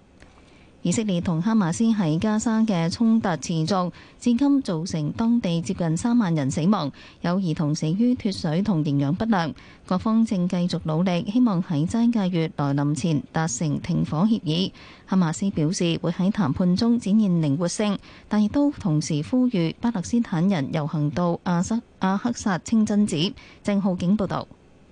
以色列同哈馬斯喺加沙嘅衝突持續，至今造成當地接近三萬人死亡，有兒童死於脱水同營養不良。各方正繼續努力，希望喺齋戒月來臨前達成停火協議。哈馬斯表示會喺談判中展現靈活性，但亦都同時呼籲巴勒斯坦人遊行到亞塞阿克薩清真寺。鄭浩景報道。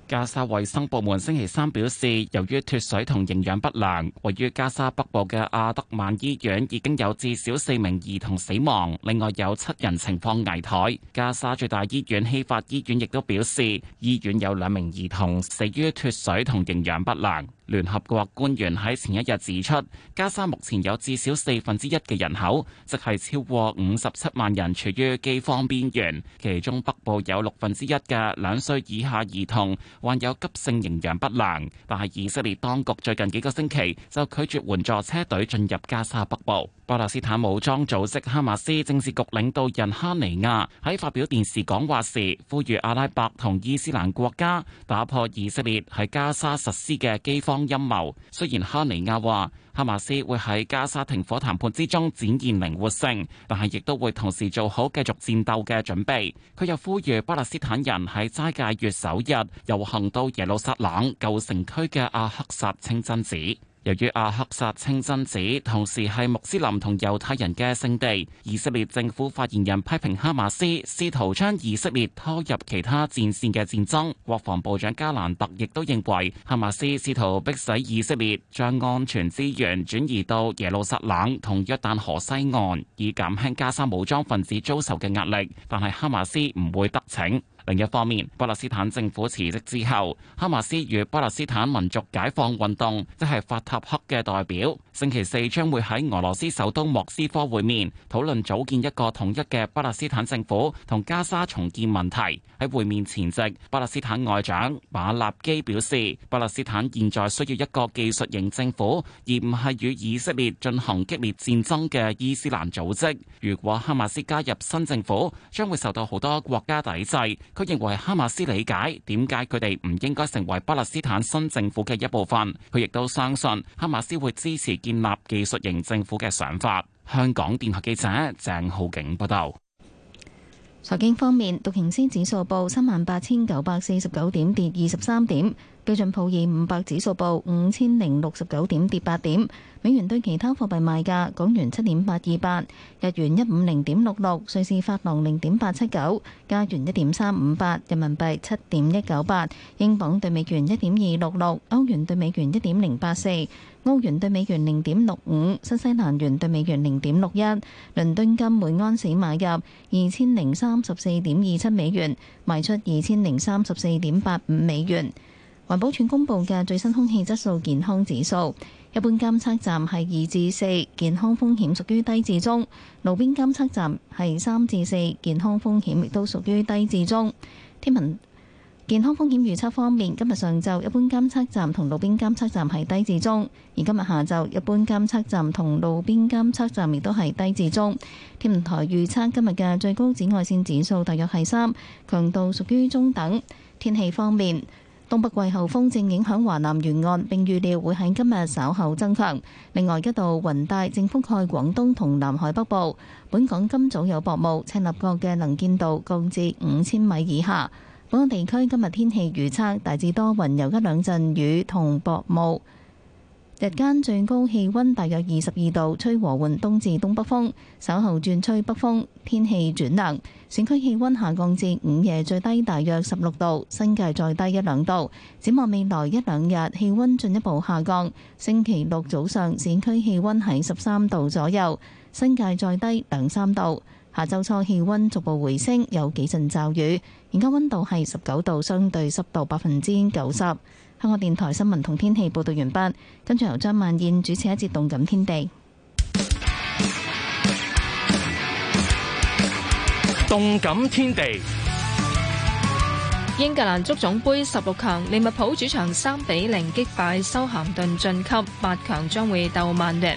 加沙衛生部門星期三表示，由於脫水同營養不良，位於加沙北部嘅阿德曼醫院已經有至少四名兒童死亡，另外有七人情況危殆。加沙最大醫院希法醫院亦都表示，醫院有兩名兒童死於脫水同營養不良。聯合國官員喺前一日指出，加沙目前有至少四分之一嘅人口，即係超過五十七萬人處於饑荒邊緣，其中北部有六分之一嘅兩歲以下兒童患有急性營養不良。但係以色列當局最近幾個星期就拒絕援助車隊進入加沙北部。巴勒斯坦武裝組織哈馬斯政治局領導人哈尼亞喺發表電視講話時，呼籲阿拉伯同伊斯蘭國家打破以色列喺加沙實施嘅饑荒。當陰謀，雖然哈尼亞話哈馬斯會喺加沙停火談判之中展現靈活性，但係亦都會同時做好繼續戰鬥嘅準備。佢又呼籲巴勒斯坦人喺齋戒月首日遊行到耶路撒冷舊城區嘅阿克薩清真寺。由於阿克薩清真寺同時係穆斯林同猶太人嘅聖地，以色列政府發言人批評哈馬斯試圖將以色列拖入其他戰線嘅戰爭。國防部長加蘭特亦都認為，哈馬斯試圖迫使以色列將安全資源轉移到耶路撒冷同約旦河西岸，以減輕加沙武裝分子遭受嘅壓力。但係哈馬斯唔會得逞。另一方面，巴勒斯坦政府辭職之後，哈馬斯與巴勒斯坦民族解放運動，即係法塔赫嘅代表，星期四將會喺俄羅斯首都莫斯科會面，討論組建一個統一嘅巴勒斯坦政府同加沙重建問題。喺會面前夕，巴勒斯坦外長馬立基表示，巴勒斯坦現在需要一個技術型政府，而唔係與以色列進行激烈戰爭嘅伊斯蘭組織。如果哈馬斯加入新政府，將會受到好多國家抵制。佢認為哈馬斯理解點解佢哋唔應該成為巴勒斯坦新政府嘅一部分。佢亦都相信哈馬斯會支持。建立技術型政府嘅想法。香港電台記者鄭浩景報道。財經方面，道瓊斯指數報三萬八千九百四十九點，跌二十三點。標準普爾五百指數報五千零六十九點，跌八點。美元對其他貨幣賣價：港元七點八二八，日元一五零點六六，瑞士法郎零點八七九，加元一點三五八，人民幣七點一九八，英鎊兌美元一點二六六，歐元兌美元一點零八四。歐元對美元零點六五，新西蘭元對美元零點六一，倫敦金每安士買入二千零三十四點二七美元，賣出二千零三十四點八五美元。環保署公布嘅最新空氣質素健康指數，一般監測站係二至四，健康風險屬於低至中；路邊監測站係三至四，健康風險亦都屬於低至中。天文。健康風險預測方面，今日上晝一般監測站同路邊監測站係低至中，而今日下晝一般監測站同路邊監測站亦都係低至中。天文台預測今日嘅最高紫外線指數大約係三，強度屬於中等。天氣方面，東北季候風正影響華南沿岸，並預料會喺今日稍後增強，另外，一道雲帶正覆蓋廣東同南海北部。本港今早有薄霧，赤鱲角嘅能見度降至五千米以下。本港地區今日天，天氣預測大致多雲，有一兩陣雨同薄霧。日間最高氣温大約二十二度，吹和緩東至東北風，稍後轉吹北風，天氣轉涼。市區氣温下降至午夜最低大約十六度，新界再低一兩度。展望未來一兩日氣温進一步下降。星期六早上市區氣温喺十三度左右，新界再低兩三度。下周初氣温逐步回升，有幾陣驟雨。而家溫度係十九度，相對濕度百分之九十。香港電台新聞同天氣報道完畢。跟住由張曼燕主持一節《動感天地》。《動感天地》英格蘭足總盃十六強，利物浦主場三比零擊敗修咸頓晉級八強，將會鬥曼聯。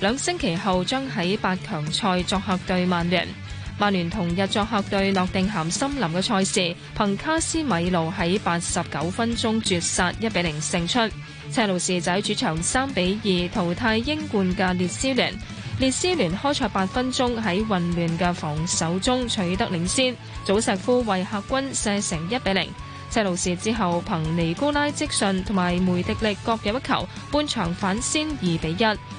兩星期後將喺八強賽作客對曼聯。曼聯同日作客對諾定咸森林嘅賽事，憑卡斯米路喺八十九分鐘絕殺，一比零勝出。車路士就喺主場三比二淘汰英冠嘅列斯聯。列斯聯開賽八分鐘喺混亂嘅防守中取得領先，祖石夫為客軍射成一比零。車路士之後憑尼古拉積遜同埋梅迪力各有一球，半場反先二比一。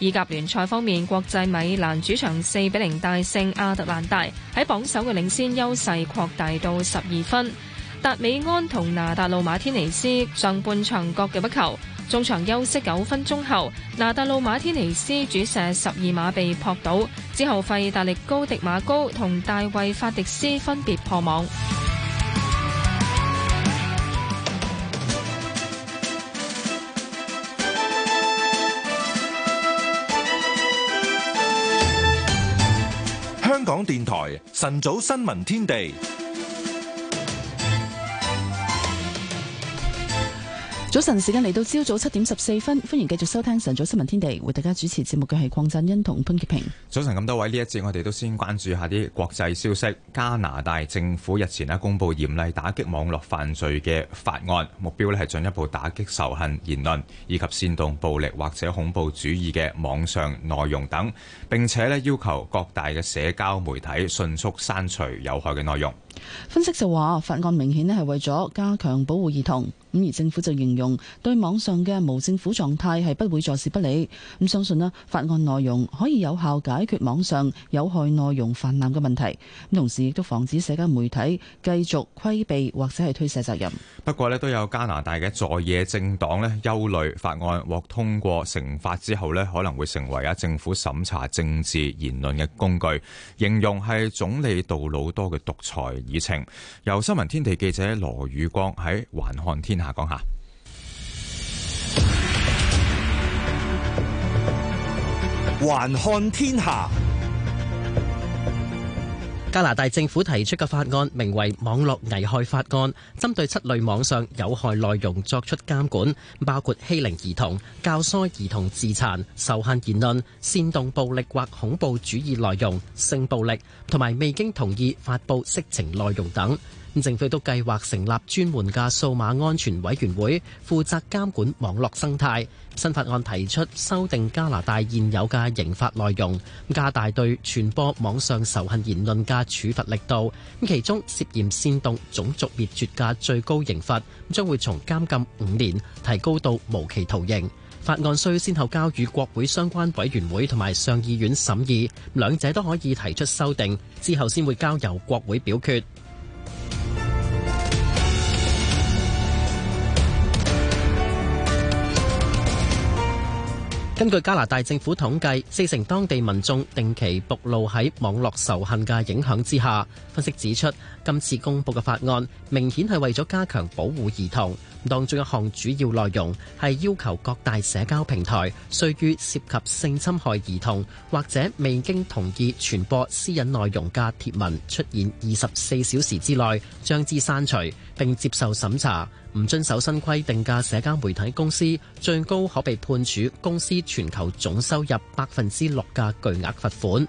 意甲聯賽方面，國際米蘭主場四比零大勝亞特蘭大，喺榜首嘅領先優勢擴大到十二分。達美安同拿達路馬天尼斯上半場各嘅不球，中場休息九分鐘後，拿達路馬天尼斯主射十二碼被撲倒，之後費達力高迪馬高同大衛法迪斯分別破網。香港電台晨早新聞天地。早晨，時間嚟到朝早七點十四分，歡迎繼續收聽晨早新聞天地，為大家主持節目嘅係鄺振欣同潘潔平。早晨，咁多位，呢一節我哋都先關注下啲國際消息。加拿大政府日前呢公布嚴厲打擊網絡犯罪嘅法案，目標呢係進一步打擊仇恨言論以及煽動暴力或者恐怖主義嘅網上內容等，並且呢要求各大嘅社交媒體迅速刪除有害嘅內容。分析就話法案明顯咧係為咗加強保護兒童，咁而政府就形容對網上嘅無政府狀態係不會坐視不理，咁相信啦法案內容可以有效解決網上有害內容泛濫嘅問題，咁同時亦都防止社交媒體繼續規避或者係推卸責任。不過咧都有加拿大嘅在野政黨咧憂慮法案獲通過成法之後咧可能會成為啊政府審查政治言論嘅工具，形容係總理杜魯多嘅獨裁。熱情，由新聞天地記者羅宇光喺《還看天下》講下，《還看天下》。加拿大政府提出嘅法案名為《網絡危害法案》，針對七類網上有害內容作出監管，包括欺凌兒童、教唆兒童自殘、仇恨言論、煽動暴力或恐怖主義內容、性暴力，同埋未經同意發布色情內容等。政府都計劃成立專門嘅數碼安全委員會，負責監管網絡生態。新法案提出修訂加拿大現有嘅刑法內容，加大對傳播網上仇恨言論嘅處罰力度。咁其中涉嫌煽動種族滅絕嘅最高刑罰，將會從監禁五年提高到無期徒刑。法案需先後交予國會相關委員會同埋上議院審議，兩者都可以提出修訂之後，先會交由國會表決。根據加拿大政府統計，四成當地民眾定期暴露喺網絡仇恨嘅影響之下。分析指出，今次公布嘅法案明顯係為咗加強保護兒童。當中一項主要內容係要求各大社交平台須於涉及性侵害兒童或者未經同意傳播私隱內容嘅貼文出現二十四小時之內將之刪除，並接受審查。唔遵守新規定嘅社交媒體公司，最高可被判處公司全球總收入百分之六嘅巨額罰款。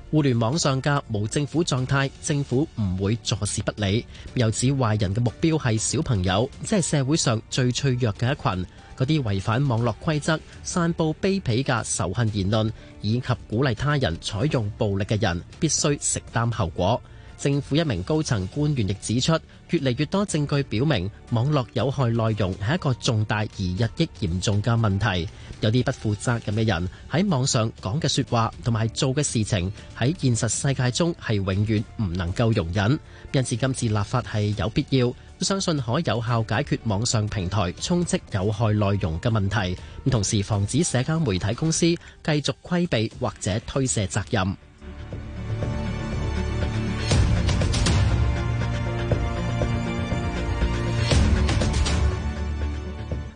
互聯網上嘅無政府狀態，政府唔會坐視不理。又指壞人嘅目標係小朋友，即係社會上最脆弱嘅一群。嗰啲違反網絡規則、散布卑鄙嘅仇恨言論以及鼓勵他人採用暴力嘅人，必須承擔後果。政府一名高層官員亦指出。越嚟越多證據表明，網絡有害內容係一個重大而日益嚴重嘅問題。有啲不負責任嘅人喺網上講嘅説話同埋做嘅事情，喺現實世界中係永遠唔能夠容忍。因此今次立法係有必要，相信可有效解決網上平台充斥有害內容嘅問題，同時防止社交媒體公司繼續規避或者推卸責任。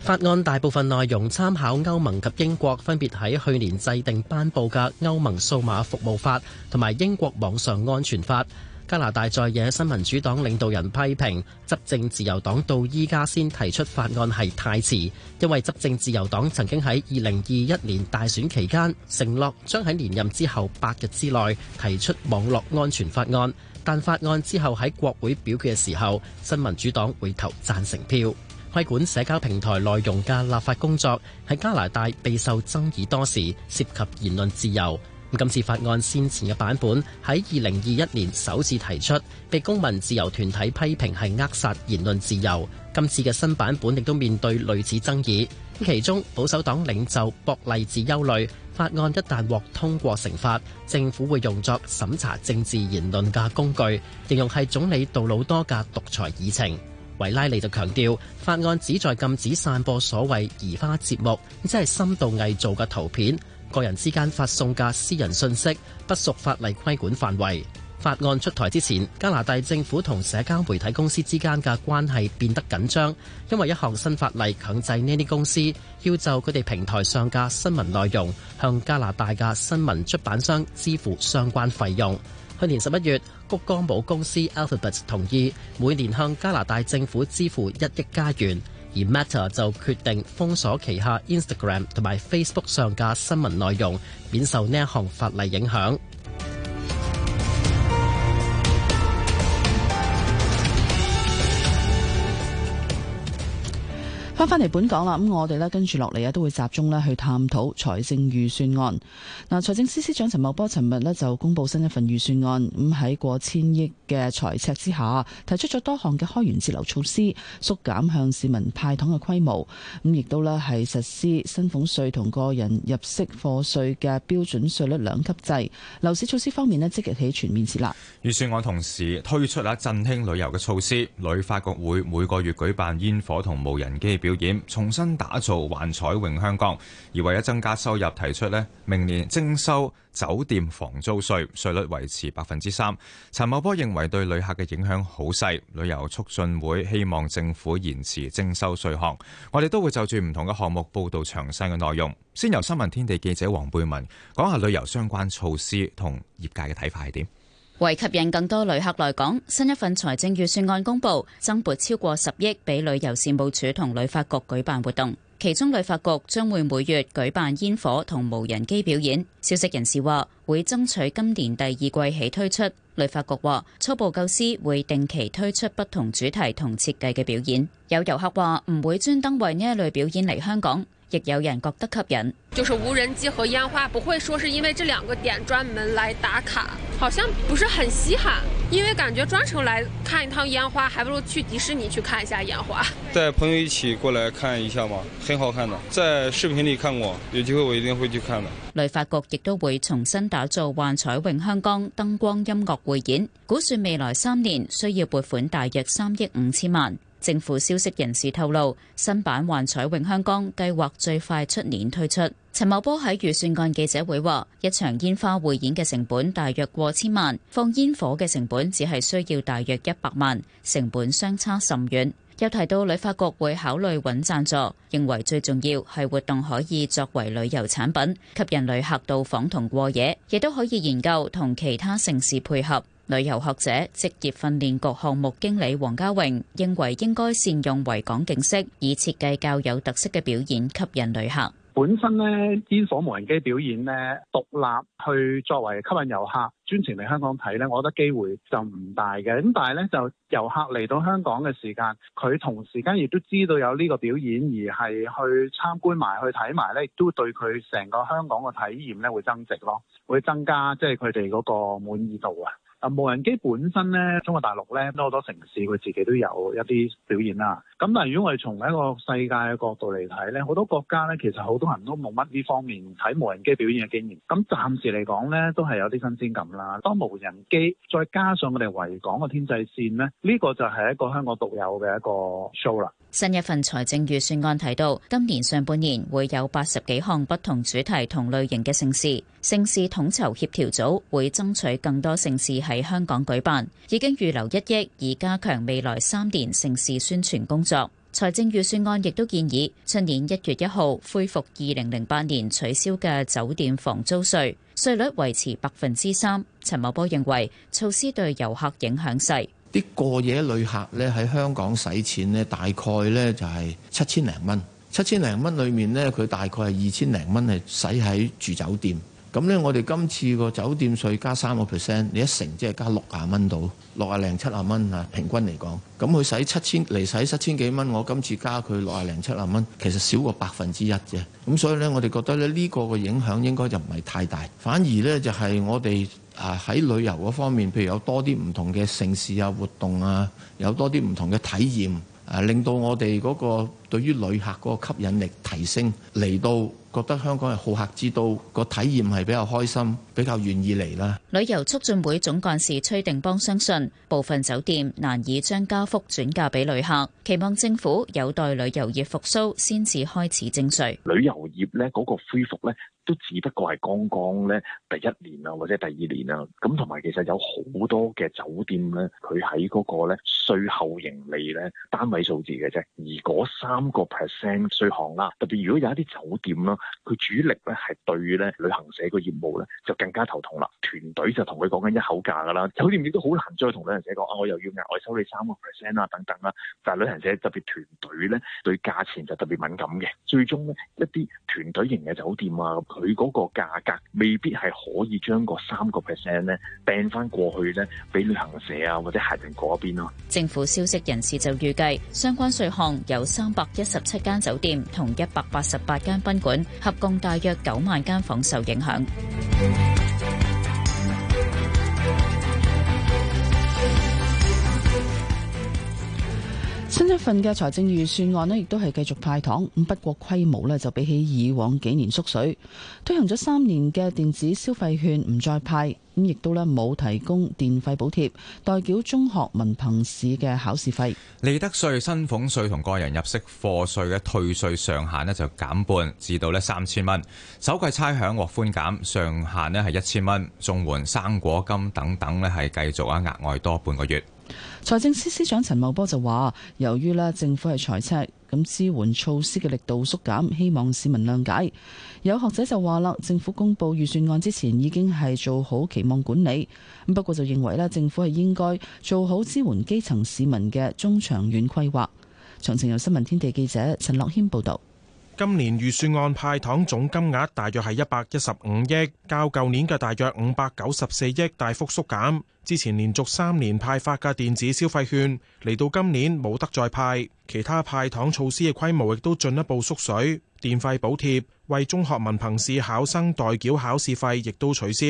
法案大部分內容參考歐盟及英國分別喺去年制定、頒布嘅歐盟數碼服務法同埋英國網上安全法。加拿大在野新民主黨領導人批評執政自由黨到依家先提出法案係太遲，因為執政自由黨曾經喺二零二一年大選期間承諾將喺連任之後八日之內提出網絡安全法案，但法案之後喺國會表決嘅時候，新民主黨會投贊成票。規管社交平台內容嘅立法工作喺加拿大備受爭議多時，涉及言論自由。今次法案先前嘅版本喺二零二一年首次提出，被公民自由團體批評係扼殺言論自由。今次嘅新版本亦都面對類似爭議。其中保守黨領袖博勵治憂慮，法案一旦獲通過成法，政府會用作審查政治言論嘅工具，形容係總理杜魯多嘅獨裁議程。維拉利就強調，法案旨在禁止散播所謂移花接木，即係深度偽造嘅圖片，個人之間發送嘅私人信息不屬法例規管範圍。法案出台之前，加拿大政府同社交媒體公司之間嘅關係變得緊張，因為一項新法例強制呢啲公司要就佢哋平台上嘅新聞內容向加拿大嘅新聞出版商支付相關費用。去年十一月，谷歌母公司 Alphabet 同意每年向加拿大政府支付一億加元，而 Meta 就決定封鎖旗下 Instagram 同埋 Facebook。翻翻嚟本港啦，咁我哋呢跟住落嚟啊，都會集中呢去探討財政預算案。嗱，財政司司長陳茂波尋日呢就公布新一份預算案，咁喺過千億嘅財赤之下，提出咗多項嘅開源節流措施，縮減向市民派糖嘅規模，咁亦都呢係實施薪俸稅同個人入息課稅嘅標準稅率兩級制。樓市措施方面呢，即日起全面設立。預算案同時推出啦振興旅遊嘅措施，旅發局會每個月舉辦煙火同無人機。表演重新打造幻彩詠香江，而為咗增加收入，提出咧明年徵收酒店房租稅，稅率維持百分之三。陳茂波認為對旅客嘅影響好細。旅遊促進會希望政府延遲徵收稅項。我哋都會就住唔同嘅項目報道詳細嘅內容。先由新聞天地記者黃貝文講下旅遊相關措施同業界嘅睇法係點。為吸引更多旅客來港，新一份財政預算案公布，增撥超過十億俾旅遊事務署同旅發局舉辦活動。其中旅發局將會每月舉辦煙火同無人機表演。消息人士話會爭取今年第二季起推出。旅發局話初步構思會定期推出不同主題同設計嘅表演。有遊客話唔會專登為呢一類表演嚟香港。亦有人覺得吸引。就是無人機和煙花不會說，是因為這兩個點專門來打卡，好像不是很稀罕。因為感覺專程來看一趟煙花，還不如去迪士尼去看一下煙花。帶朋友一起過來看一下嘛，很好看的，在視頻裏看過，有機會我一定會去看的。旅發局亦都會重新打造幻彩詠香江燈光音樂匯演，估算未來三年需要撥款大約三億五千萬。政府消息人士透露，新版幻彩詠香江計劃最快出年推出。陳茂波喺預算案記者會話：一場煙花匯演嘅成本大約過千萬，放煙火嘅成本只係需要大約一百萬，成本相差甚遠，又提到旅發局會考慮揾贊助，認為最重要係活動可以作為旅遊產品，吸引旅客到訪同過夜，亦都可以研究同其他城市配合。旅遊學者職業訓練局項目經理黃家榮認為，應該善用維港景色，以設計較有特色嘅表演吸引旅客。本身咧，煙火無人機表演咧，獨立去作為吸引遊客專程嚟香港睇咧，我覺得機會就唔大嘅。咁但係咧，就遊客嚟到香港嘅時間，佢同時間亦都知道有呢個表演而係去參觀埋去睇埋咧，亦都對佢成個香港嘅體驗咧會增值咯，會增加即係佢哋嗰個滿意度啊。啊！無人機本身咧，中國大陸咧，都好多城市佢自己都有一啲表演啦。咁但係如果我哋從一個世界嘅角度嚟睇咧，好多國家咧，其實好多人都冇乜呢方面睇無人機表演嘅經驗。咁暫時嚟講咧，都係有啲新鮮感啦。當無人機再加上我哋維港嘅天際線咧，呢、這個就係一個香港獨有嘅一個 show 啦。新一份財政預算案提到，今年上半年會有八十幾項不同主題同類型嘅盛事，盛事統籌協調組會爭取更多盛事喺香港舉辦，已經預留一億以加強未來三年盛事宣傳工作。財政預算案亦都建議，出年一月一號恢復二零零八年取消嘅酒店房租稅，稅率維持百分之三。陳茂波認為措施對遊客影響細。啲過夜旅客咧，喺香港使錢大概咧，就係七千零蚊，七千零蚊裏面，佢大概係二千零蚊係使喺住酒店。咁咧，我哋今次個酒店稅加三個 percent，你一成即係加六啊蚊到，六啊零七啊蚊啊，平均嚟講，咁佢使七千嚟使七千幾蚊，我今次加佢六啊零七啊蚊，其實少過百分之一啫。咁所以咧，我哋覺得咧呢個嘅影響應該就唔係太大，反而咧就係我哋啊喺旅遊嗰方面，譬如有多啲唔同嘅城市啊、活動啊，有多啲唔同嘅體驗。誒令到我哋嗰個對於旅客嗰個吸引力提升，嚟到覺得香港係好客之都，個體驗係比較開心，比較願意嚟啦。旅遊促進會總幹事崔定邦相信，部分酒店難以將加幅轉嫁俾旅客，期望政府有待旅遊業復甦先至開始徵稅。旅遊業咧嗰個恢復咧。都只不過係剛剛咧第一年啊，或者第二年啊，咁同埋其實有好多嘅酒店咧，佢喺嗰個咧稅後盈利咧單位數字嘅啫，而嗰三個 percent 稅項啦，特別如果有一啲酒店咯，佢主力咧係對咧旅行社個業務咧就更加頭痛啦，團隊就同佢講緊一口價㗎啦，酒店亦都好難再同旅行社講啊，我又要額外收你三個 percent 啦等等啦，但係旅行社特別團隊咧對價錢就特別敏感嘅，最終咧一啲團隊型嘅酒店啊佢嗰個價格未必係可以將個三個 percent 咧掟翻過去咧，俾旅行社啊或者客人嗰邊咯。政府消息人士就預計，相關稅項有三百一十七間酒店同一百八十八間賓館，合共大約九萬間房受影響。新一份嘅財政預算案呢，亦都係繼續派糖，不過規模呢，就比起以往幾年縮水。推行咗三年嘅電子消費券唔再派，咁亦都呢冇提供電費補貼，代繳中學文憑試嘅考試費。利得稅、薪俸稅同個人入息課稅嘅退稅上限呢，就減半，至到呢三千蚊。首季差餉獲寬減，上限呢，係一千蚊。綜援、生果金等等呢，係繼續啊額外多半個月。財政司司長陳茂波就話，由於咧政府係財赤，咁支援措施嘅力度縮減，希望市民諒解。有學者就話啦，政府公布預算案之前已經係做好期望管理，咁不過就認為咧，政府係應該做好支援基層市民嘅中長遠規劃。詳情由新聞天地記者陳樂謙報道。今年預算案派糖總金額大約係一百一十五億，較舊年嘅大約五百九十四億大幅縮減。之前連續三年派發嘅電子消費券，嚟到今年冇得再派。其他派糖措施嘅規模亦都進一步縮水。電費補貼為中學文憑試考生代繳考試費，亦都取消。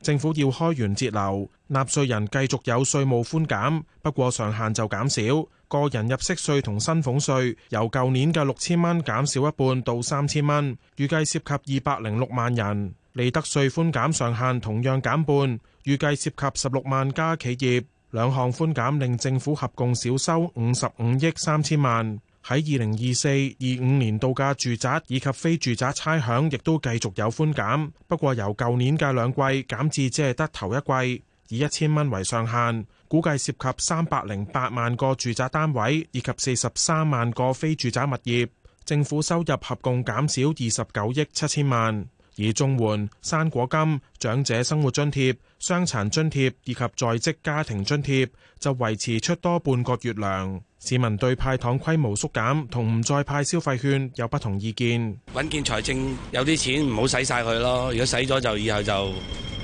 政府要開源節流，納稅人繼續有稅務寬減，不過上限就減少。個人入息稅同薪俸稅由舊年嘅六千蚊減少一半到三千蚊，預計涉及二百零六萬人。利得稅寬減上限同樣減半，預計涉及十六萬家企業。兩項寬減令政府合共少收五十五億三千萬。喺二零二四、二五年度嘅住宅以及非住宅差餉亦都繼續有寬減，不過由舊年嘅兩季減至只係得頭一季，以一千蚊為上限。估計涉及三百零八萬個住宅單位，以及四十三萬個非住宅物業，政府收入合共減少二十九億七千萬。以綜援、生果金、長者生活津貼、傷殘津貼以及在職家庭津貼就維持出多半個月糧。市民對派糖規模縮減同唔再派消費券有不同意見。穩健財政有啲錢唔好使晒佢咯，如果使咗就以後就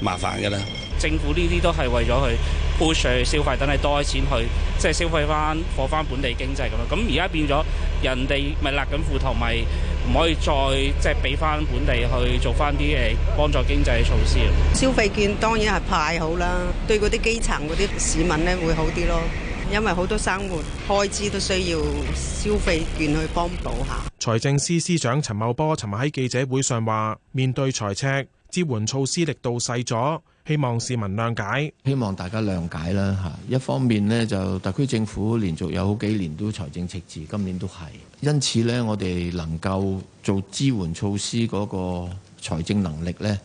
麻煩㗎喇。政府呢啲都係為咗去 push 去消費，等你多啲錢去即係消費翻、貨翻本地經濟咁咯。咁而家變咗。人哋咪勒緊褲頭，咪唔可以再即係俾翻本地去做翻啲嘢幫助經濟嘅措施。消費券當然係派好啦，對嗰啲基層嗰啲市民咧會好啲咯，因為好多生活開支都需要消費券去幫補下。財政司司長陳茂波尋日喺記者會上話：面對財赤，支援措施力度細咗。希望市民諒解，希望大家諒解啦吓，一方面咧，就特區政府連續有好幾年都財政赤字，今年都係。因此咧，我哋能夠做支援措施嗰個財政能力咧，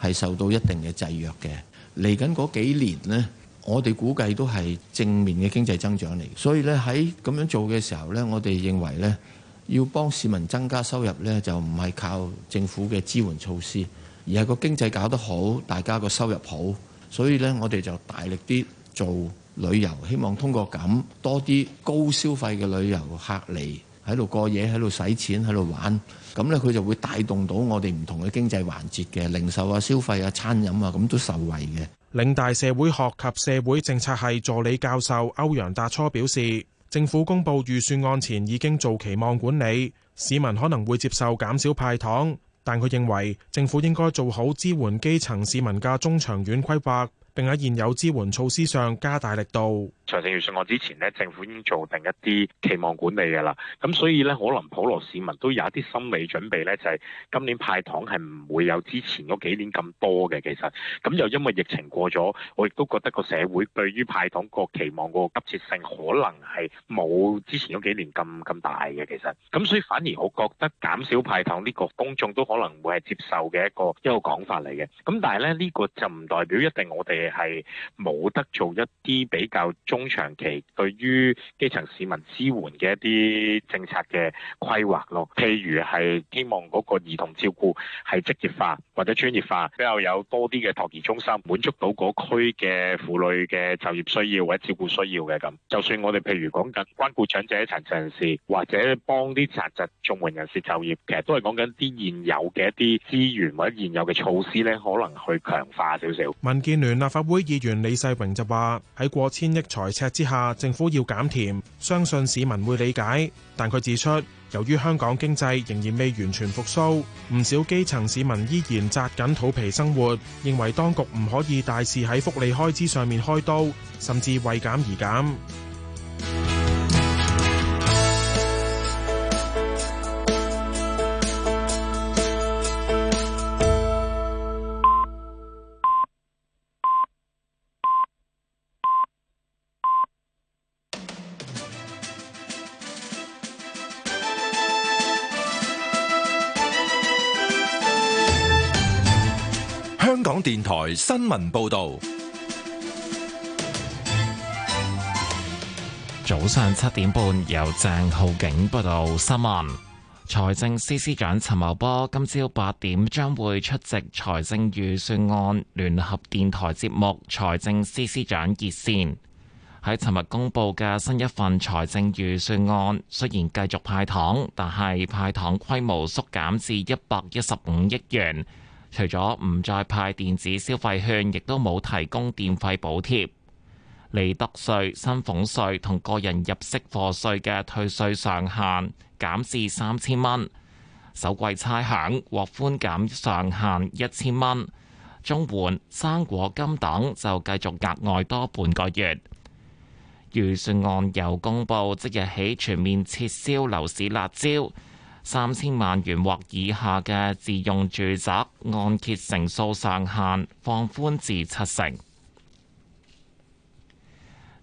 係受到一定嘅制約嘅。嚟緊嗰幾年咧，我哋估計都係正面嘅經濟增長嚟。所以咧，喺咁樣做嘅時候咧，我哋認為咧，要幫市民增加收入咧，就唔係靠政府嘅支援措施。而係個經濟搞得好，大家個收入好，所以呢，我哋就大力啲做旅遊，希望通過咁多啲高消費嘅旅遊客嚟喺度過夜，喺度使錢，喺度玩，咁呢，佢就會帶動到我哋唔同嘅經濟環節嘅零售啊、消費啊、餐飲啊，咁都受惠嘅。領大社會學及社會政策系助理教授歐陽達初表示，政府公布預算案前已經做期望管理，市民可能會接受減少派糖。但佢認為政府應該做好支援基層市民嘅中長遠規劃。並喺現有支援措施上加大力度。財政預算案之前咧，政府已經做定一啲期望管理嘅啦。咁所以呢，可能普羅市民都有一啲心理準備呢，就係、是、今年派糖係唔會有之前嗰幾年咁多嘅。其實咁又因為疫情過咗，我亦都覺得個社會對於派糖個期望個急切性可能係冇之前嗰幾年咁咁大嘅。其實咁所以反而我覺得減少派糖呢個公眾都可能會係接受嘅一個一個講法嚟嘅。咁但係咧呢、這個就唔代表一定我哋。係冇得做一啲比較中長期對於基層市民支援嘅一啲政策嘅規劃咯，譬如係希望嗰個兒童照顧係職業化或者專業化，比較有多啲嘅托兒中心，滿足到嗰區嘅婦女嘅就業需要或者照顧需要嘅咁。就算我哋譬如講緊關顧長者殘疾人士，或者幫啲殘疾綜援人士就業，其實都係講緊啲現有嘅一啲資源或者現有嘅措施咧，可能去強化少少。民建聯啊！立法會議員李世榮就話：喺過千億財赤之下，政府要減甜，相信市民會理解。但佢指出，由於香港經濟仍然未完全復甦，唔少基層市民依然紮緊肚皮生活，認為當局唔可以大肆喺福利開支上面開刀，甚至為減而減。台新聞報導，早上七點半由鄭浩景報道新聞。財政司司長陳茂波今朝八點將會出席財政預算案聯合電台節目《財政司司長熱線》。喺尋日公布嘅新一份財政預算案，雖然繼續派糖，但係派糖規模縮減至一百一十五億元。除咗唔再派電子消費券，亦都冇提供電費補貼。利得稅、薪俸稅同個人入息課稅嘅退稅上限減至三千蚊，首季差餉獲寬減上限一千蚊，綜援生果金等就繼續額外多半個月。預算案又公佈，即日起全面撤銷樓市辣招。三千萬元或以下嘅自用住宅按揭成數上限放寬至七成。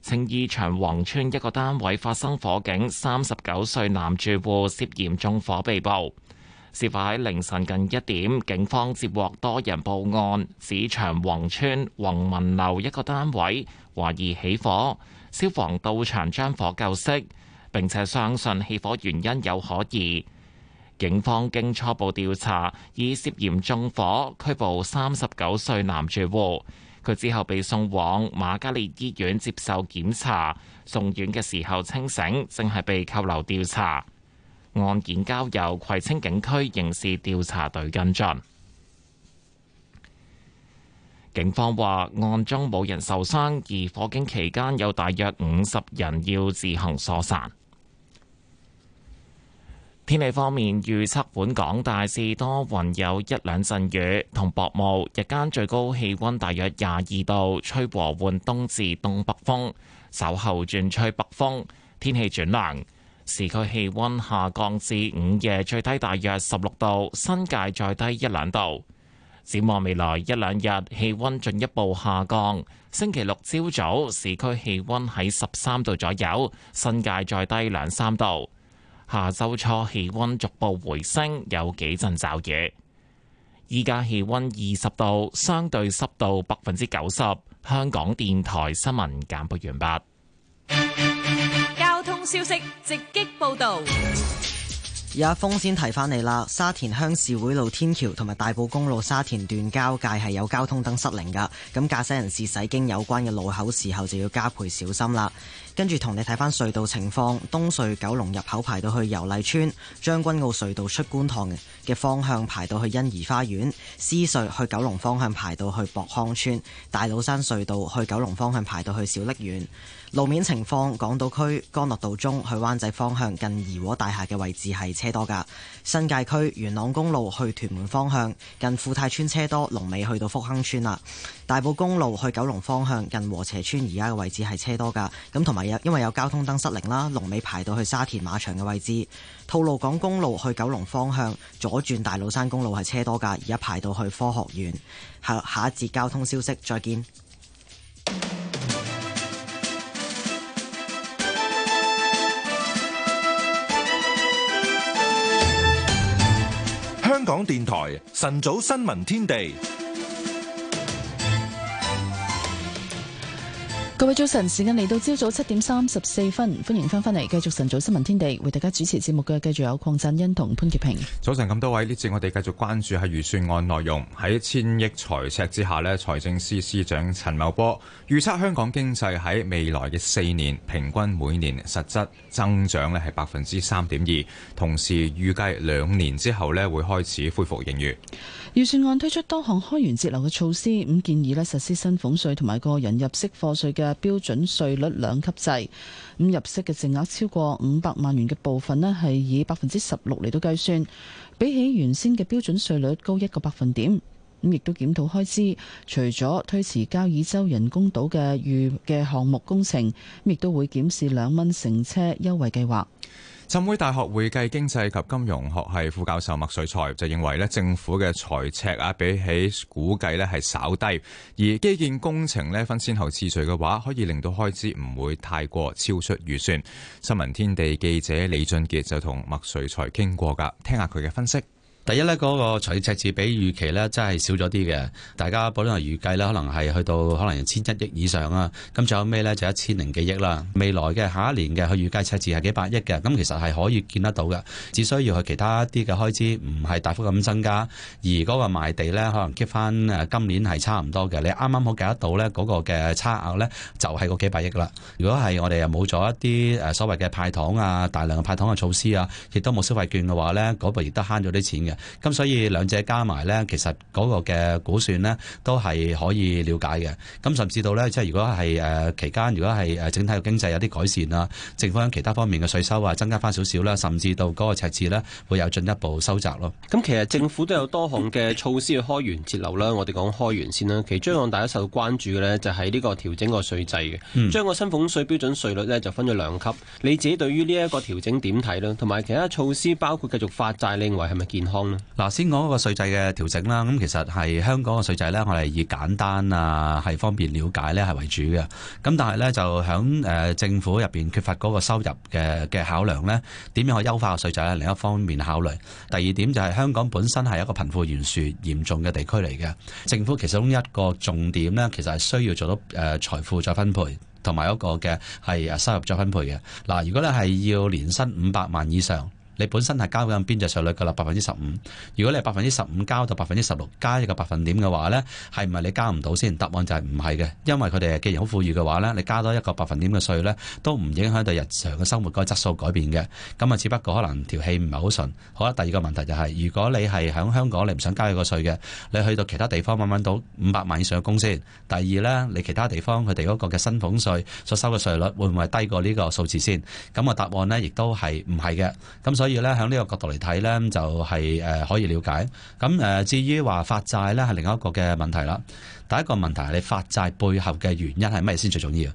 青衣長宏村一個單位發生火警，三十九歲男住戶涉嫌縱火被捕。事發喺凌晨近一點，警方接獲多人報案，指長宏村宏文樓一個單位懷疑起火，消防到場將火救熄，並且相信起火原因有可疑。警方經初步調查，以涉嫌縱火拘捕三十九歲男住戶。佢之後被送往瑪嘉烈醫院接受檢查，送院嘅時候清醒，正係被扣留調查。案件交由葵青警區刑事調查隊跟進。警方話，案中冇人受傷，而火警期間有大約五十人要自行疏散。天氣方面，預測本港大致多雲，有一兩陣雨同薄霧。日間最高氣溫大約廿二度，吹和緩東至東北風，稍後轉吹北風，天氣轉涼。市區氣溫下降至午夜最低大約十六度，新界再低一兩度。展望未來一兩日，氣溫進一步下降。星期六朝早，市區氣溫喺十三度左右，新界再低兩三度。下周初氣溫逐步回升，有幾陣驟雨。依家氣溫二十度，相對濕度百分之九十。香港電台新聞簡報完畢。交通消息直擊報導。有阿峰先提返你啦，沙田鄉事會路天橋同埋大埔公路沙田段交界係有交通燈失靈噶，咁駕駛人士駛經有關嘅路口時候就要加倍小心啦。跟住同你睇翻隧道情況，東隧九龍入口排到去油麗邨，將軍澳隧道出觀塘嘅方向排到去欣怡花園，獅隧去九龍方向排到去博康村，大老山隧道去九龍方向排到去小瀝源。路面情況：港島區幹諾道中去灣仔方向近怡和大廈嘅位置係車多噶；新界區元朗公路去屯門方向近富泰村車多，龍尾去到福亨村啦；大埔公路去九龍方向近和斜村而家嘅位置係車多噶，咁同埋有因為有交通燈失靈啦，龍尾排到去沙田馬場嘅位置；吐露港公路去九龍方向左轉大老山公路係車多噶，而家排到去科學園。下下一節交通消息，再見。香港電台晨早新聞天地。各位早晨，時間嚟到朝早七點三十四分，歡迎翻返嚟，繼續晨早新聞天地，為大家主持節目嘅，繼續有鄺振恩同潘潔平。早晨，咁多位，呢次我哋繼續關注下預算案內容，喺千億財赤之下咧，財政司司，司長陳茂波預測香港經濟喺未來嘅四年平均每年實質增長咧係百分之三點二，同時預計兩年之後咧會開始恢復盈餘。預算案推出多項開源節流嘅措施，咁建議咧實施薪俸稅同埋個人入息課稅嘅標準稅率兩級制，咁入息嘅淨額超過五百萬元嘅部分咧係以百分之十六嚟到計算，比起原先嘅標準稅率高一個百分點，咁亦都檢討開支，除咗推遲交椅洲人工島嘅預嘅項目工程，亦都會檢視兩蚊乘車優惠計劃。浸會大學會計經濟及金融學系副教授麥瑞才就認為咧，政府嘅財赤啊，比起估計咧係稍低，而基建工程咧分先後次序嘅話，可以令到開支唔會太過超出預算。新聞天地記者李俊傑就同麥瑞才傾過噶，聽下佢嘅分析。第一咧嗰個財政赤字比預期咧真係少咗啲嘅，大家普遍係預計咧可能係去到可能千一億以上啊，咁仲有咩咧就一千零幾億啦。未來嘅下一年嘅，佢預計赤字係幾百億嘅，咁其實係可以見得到嘅，只需要佢其他啲嘅開支唔係大幅咁增加，而嗰個賣地咧可能 keep 翻誒今年係差唔多嘅，你啱啱好計得到咧嗰個嘅差額咧就係個幾百億啦。如果係我哋又冇咗一啲誒所謂嘅派糖啊，大量嘅派糖嘅措施啊，亦都冇消費券嘅話咧，嗰度亦都慳咗啲錢嘅。咁所以兩者加埋呢，其實嗰個嘅估算呢，都係可以了解嘅。咁甚至到呢，即係如果係誒、呃、期間，如果係誒整體經濟有啲改善啦、啊，政府喺其他方面嘅稅收啊增加翻少少啦，甚至到嗰個赤字呢，會有進一步收窄咯。咁其實政府都有多項嘅措施去開源節流啦。我哋講開源先啦，其中我大家受到關注嘅呢，就係、是、呢個調整個稅制嘅，將個薪俸稅標準稅率呢，就分咗兩級。你自己對於呢一個調整點睇呢？同埋其他措施包括繼續發債，你認為係咪健康？嗱，先講嗰個稅制嘅調整啦。咁其實係香港個稅制咧，我哋以簡單啊，係方便瞭解咧係為主嘅。咁但係咧就響誒政府入邊缺乏嗰個收入嘅嘅考量咧，點樣可以優化個稅制咧？另一方面考慮。第二點就係香港本身係一個貧富懸殊嚴重嘅地區嚟嘅。政府其中一個重點咧，其實係需要做到誒財富再分配，同埋一個嘅係收入再分配嘅。嗱，如果咧係要年薪五百萬以上。你本身係交緊邊隻稅率嘅啦，百分之十五。如果你係百分之十五交到百分之十六，加一個百分點嘅話呢，係唔係你交唔到先？答案就係唔係嘅，因為佢哋既然好富裕嘅話呢，你加多一個百分點嘅稅呢，都唔影響對日常嘅生活嗰個質素改變嘅。咁啊，只不過可能條氣唔係好順。好啦，第二個問題就係，如果你係喺香港，你唔想交一個稅嘅，你去到其他地方揾唔揾到五百萬以上嘅工先？第二呢，你其他地方佢哋嗰個嘅薪俸稅所收嘅稅率會唔會低過呢個數字先？咁啊，答案呢，亦都係唔係嘅。咁所以。咁喺呢個角度嚟睇呢，就係、是、誒可以了解。咁誒，至於話發債呢，係另一個嘅問題啦。第一個問題係你發債背後嘅原因係咩先最重要？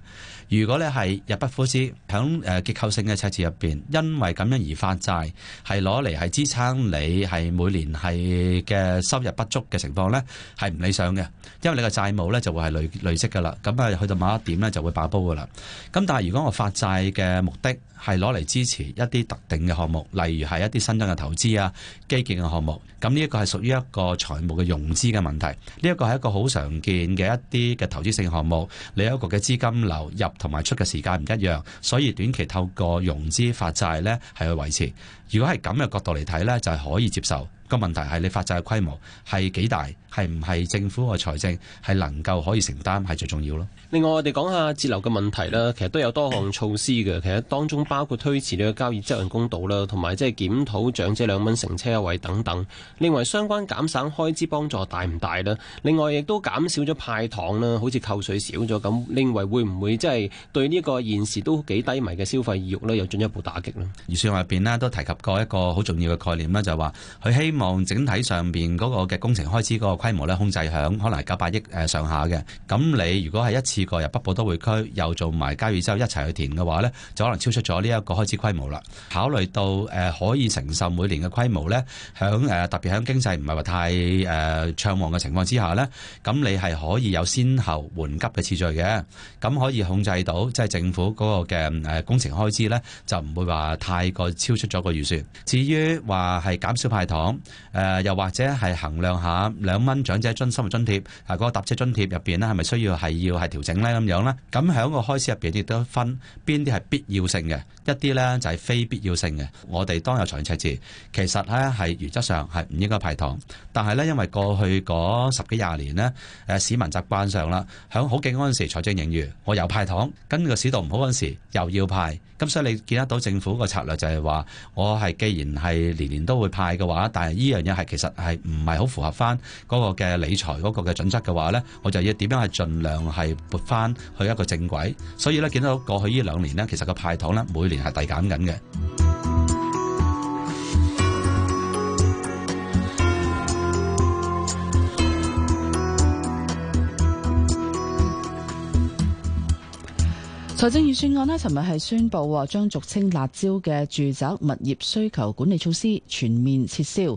如果你係日不敷之，響誒結構性嘅赤字入邊，因為咁樣而發債，係攞嚟係支撐你係每年係嘅收入不足嘅情況呢，係唔理想嘅，因為你個債務呢就會係累累積噶啦，咁啊去到某一點呢就會爆煲噶啦。咁但係如果我發債嘅目的係攞嚟支持一啲特定嘅項目，例如係一啲新增嘅投資啊、基建嘅項目，咁呢一個係屬於一個財務嘅融資嘅問題，呢一個係一個好常見嘅一啲嘅投資性項目，你有一個嘅資金流入。同埋出嘅時間唔一樣，所以短期透過融資發債呢係去維持。如果係咁嘅角度嚟睇呢，就係可以接受。個問題係你發債嘅規模係幾大？係唔係政府嘅財政係能夠可以承擔係最重要咯？另外我哋講下節流嘅問題啦，其實都有多項措施嘅，其實當中包括推遲呢個交椅洲人工島啦，同埋即係檢討長者兩蚊乘車優惠等等。另外，相關減省開支幫助大唔大咧？另外亦都減少咗派糖啦，好似扣稅少咗咁，另外，會唔會即係對呢個現時都幾低迷嘅消費意欲呢？有進一步打擊呢？預算入邊呢，都提及過一個好重要嘅概念啦，就係話佢希望整體上邊嗰個嘅工程開支嗰、那個規模咧，控制響可能係九百億誒上下嘅，咁你如果係一次過入北部都會區又做埋交椅洲一齊去填嘅話咧，就可能超出咗呢一個開支規模啦。考慮到誒可以承受每年嘅規模咧，響誒特別響經濟唔係話太誒暢旺嘅情況之下咧，咁你係可以有先後緩急嘅次序嘅，咁可以控制到即係政府嗰個嘅誒工程開支咧，就唔會話太過超出咗個預算。至於話係減少派糖誒，又或者係衡量下兩蚊。長者津心嘅津貼，啊，嗰、那個搭車津貼入邊咧，係咪需要係要係調整咧咁樣咧？咁喺個開支入邊亦都分邊啲係必要性嘅，一啲咧就係、是、非必要性嘅。我哋當有財政赤字，其實咧係原則上係唔應該派糖，但係咧因為過去嗰十幾廿年咧，誒、啊、市民習慣上啦，響好景嗰陣時財政盈餘，我又派糖；跟住個市道唔好嗰陣時又要派。咁所以你見得到政府個策略就係話，我係既然係年年都會派嘅話，但係呢樣嘢係其實係唔係好符合翻嗰個嘅理財嗰個嘅準則嘅話咧，我就要點樣係盡量係撥翻去一個正軌。所以咧，見到過去呢兩年咧，其實個派糖咧每年係遞減緊嘅。財政預算案呢尋日係宣布將俗稱辣招嘅住宅物業需求管理措施全面撤銷。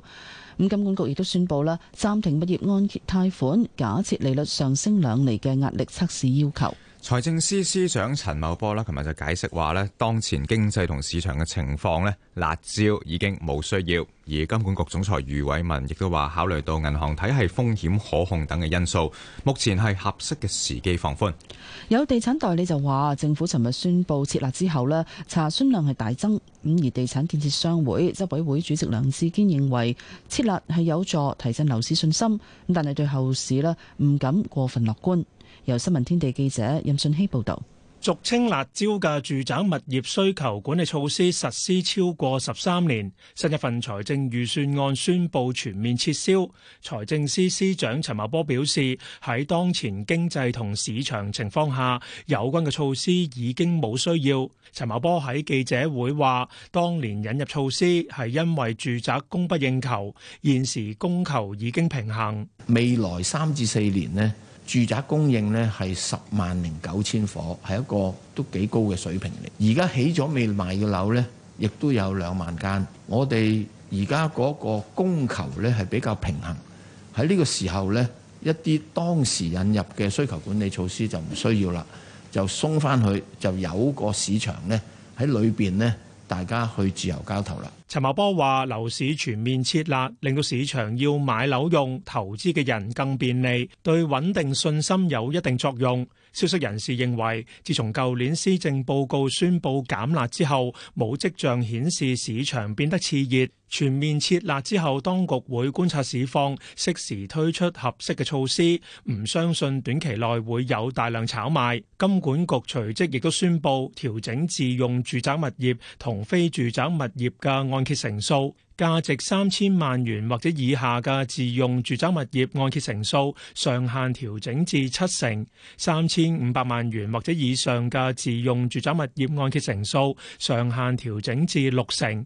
咁金管局亦都宣布啦，暫停物業按揭貸款假設利率上升兩厘嘅壓力測試要求。財政司司長陳茂波啦，尋日就解釋話咧，當前經濟同市場嘅情況咧，辣招已經冇需要。而金管局總裁余偉文亦都話，考慮到銀行體系風險可控等嘅因素，目前係合適嘅時機放寬。有地產代理就話，政府尋日宣布撤辣之後咧，查詢量係大增。咁而地產建設商會執委會主席梁志堅認為，撤辣係有助提振樓市信心，但係對後市咧唔敢過分樂觀。由新聞天地記者任俊希報道，俗稱辣招嘅住宅物業需求管理措施實施超過十三年，新一份財政預算案宣布全面撤銷。財政司司,司長陳茂波表示，喺當前經濟同市場情況下，有關嘅措施已經冇需要。陳茂波喺記者會話，當年引入措施係因為住宅供不應求，現時供求已經平衡，未來三至四年呢。住宅供應呢係十萬零九千夥，係一個都幾高嘅水平嚟。而家起咗未賣嘅樓呢，亦都有兩萬間。我哋而家嗰個供求呢係比較平衡。喺呢個時候呢，一啲當時引入嘅需求管理措施就唔需要啦，就鬆翻去，就有個市場呢喺裏邊呢。大家去自由交投啦。陳茂波話樓市全面撤辣，令到市場要買樓用投資嘅人更便利，對穩定信心有一定作用。消息人士認為，自從舊年施政報告宣布減辣之後，冇跡象顯示市場變得熾熱。全面撤辣之後，當局會觀察市況，適時推出合適嘅措施。唔相信短期內會有大量炒賣。金管局隨即亦都宣布調整自用住宅物業同非住宅物業嘅按揭成數。價值三千萬元或者以下嘅自用住宅物業按揭成數上限調整至七成；三千五百萬元或者以上嘅自用住宅物業按揭成數上限調整至六成。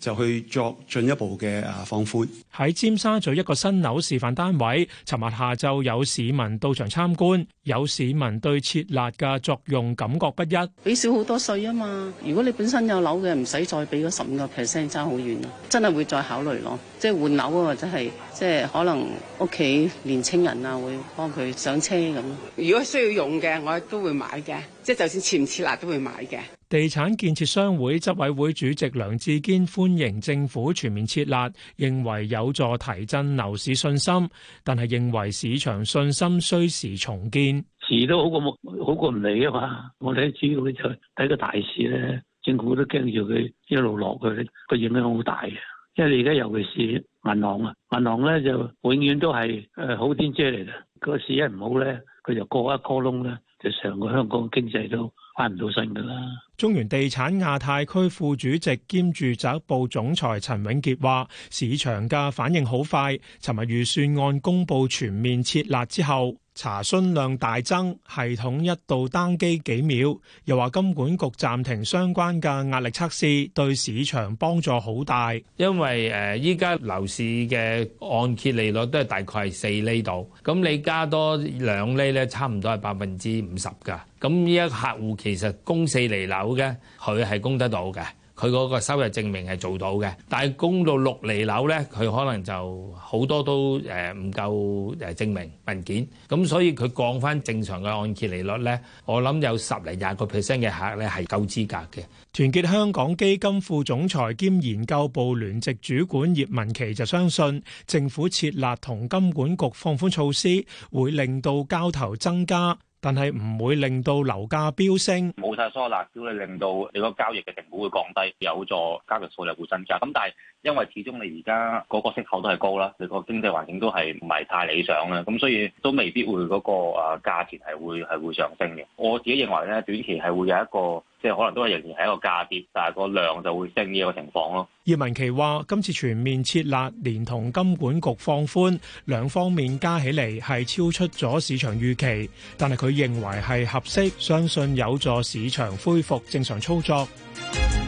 就去作進一步嘅啊放寬。喺尖沙咀一個新樓示範單位，尋日下晝有市民到場參觀，有市民對撤辣嘅作用感覺不一。俾少好多稅啊嘛！如果你本身有樓嘅，唔使再俾嗰十五個 percent，差好遠啊！真係會再考慮咯，即係換樓啊，或者係即係可能屋企年青人啊，會幫佢上車咁。如果需要用嘅，我都會買嘅。即係就算撤唔撤辣都會買嘅。地產建設商會執委會主席梁志堅歡迎政府全面撤辣，認為有助提振樓市信心，但係認為市場信心需時重建。遲都好過，好過唔嚟啊嘛！我哋主要就睇個大市咧，政府都驚住佢一路落去，佢個影響好大嘅。因為而家尤其是銀行啊，銀行咧就永遠都係誒好天姐嚟嘅。個市一唔好咧，佢就過一個窿啦。成個香港經濟都。翻唔到身噶啦！中原地產亞太區副主席兼住宅部總裁陳永傑話，市場嘅反應好快。尋日預算案公布全面撤辣之後，查詢量大增，系統一度登機幾秒。又話金管局暫停相關嘅壓力測試，對市場幫助好大。因為誒，依家樓市嘅按揭利率都係大概係四厘度，咁你加多兩厘咧，差唔多係百分之五十噶。咁呢一個客戶其實供四釐樓嘅，佢係供得到嘅，佢嗰個收入證明係做到嘅。但係供到六釐樓咧，佢可能就好多都誒唔夠誒證明文件。咁所以佢降翻正常嘅按揭利率咧，我諗有十零廿個 percent 嘅客咧係夠資格嘅。團結香港基金副總裁兼研究部聯席主管葉文琪就相信政府設立同金管局放寬措施，會令到交投增加。但係唔會令到樓價飆升，冇晒疏辣，叫你令到你個交易嘅成本會降低，有助交易數量會增加。咁但係。因為始終你而家個個息口都係高啦，你個經濟環境都係唔係太理想啦，咁所以都未必會嗰個啊價錢係會係會上升嘅。我自己認為咧，短期係會有一個即係可能都係仍然係一個價跌，但係個量就會升呢一個情況咯。葉文琪話：今次全面撤辣連同金管局放寬兩方面加起嚟係超出咗市場預期，但係佢認為係合適，相信有助市場恢復正常操作。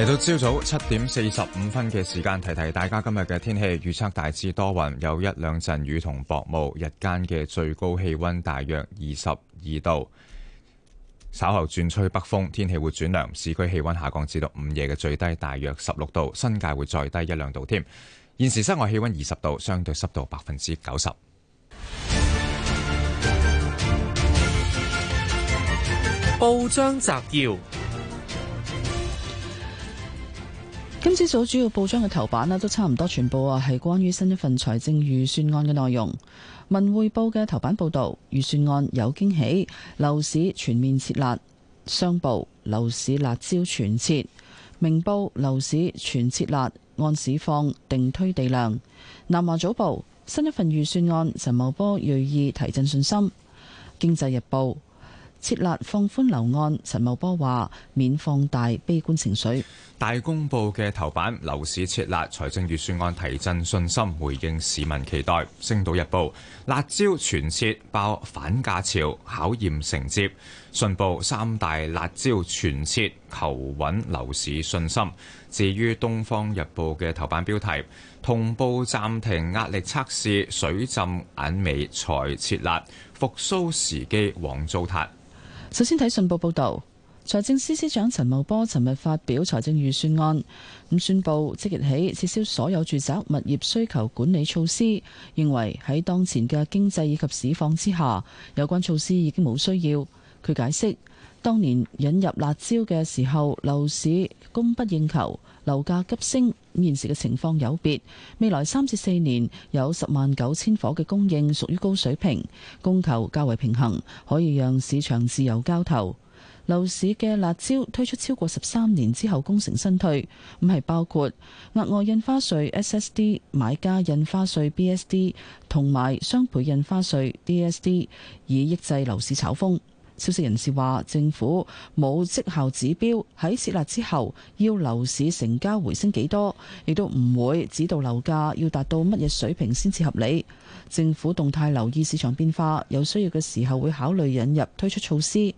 嚟到朝早七點四十五分嘅時間，提提大家今日嘅天氣預測大致多雲，有一兩陣雨同薄霧，日間嘅最高氣溫大約二十二度。稍後轉吹北風，天氣會轉涼，市區氣溫下降至到午夜嘅最低大約十六度，新界會再低一兩度添。現時室外氣溫二十度，相對濕度百分之九十。報章摘要。今朝早主要報章嘅頭版啦，都差唔多全部啊係關於新一份財政預算案嘅內容。文匯報嘅頭版報道，預算案有驚喜，樓市全面撤辣，商報樓市辣招全撤，明報樓市全撤辣，按市況定推地量。南華早報新一份預算案，陳茂波銳意提振信心。經濟日報。撤辣放寬樓按，陳茂波話免放大悲觀情緒。大公報嘅頭版，樓市撤辣財政預算案提振信心，回應市民期待。星島日報，辣招全撤，爆反價潮考驗承接。信報，三大辣招全撤，求穩樓市信心。至於東方日報嘅頭版標題，同步暫停壓力測試，水浸眼尾才撤辣，復甦時機，黃糟蹋。首先睇信報報導，財政司司長陳茂波尋日發表財政預算案，咁宣布即日起撤銷所有住宅物業需求管理措施，認為喺當前嘅經濟以及市況之下，有關措施已經冇需要。佢解釋當年引入辣招嘅時候，樓市供不應求。樓價急升，咁現時嘅情況有別。未來三至四年有十萬九千伙嘅供應，屬於高水平，供求較為平衡，可以讓市場自由交投。樓市嘅辣招推出超過十三年之後功成身退，咁係包括額外印花稅 （SSD）、買家印花稅 （BSD） 同埋雙倍印花稅 （DSD），以抑制樓市炒風。消息人士話，政府冇績效指標喺設立之後，要樓市成交回升幾多，亦都唔會指導樓價要達到乜嘢水平先至合理。政府動態留意市場變化，有需要嘅時候會考慮引入推出措施。例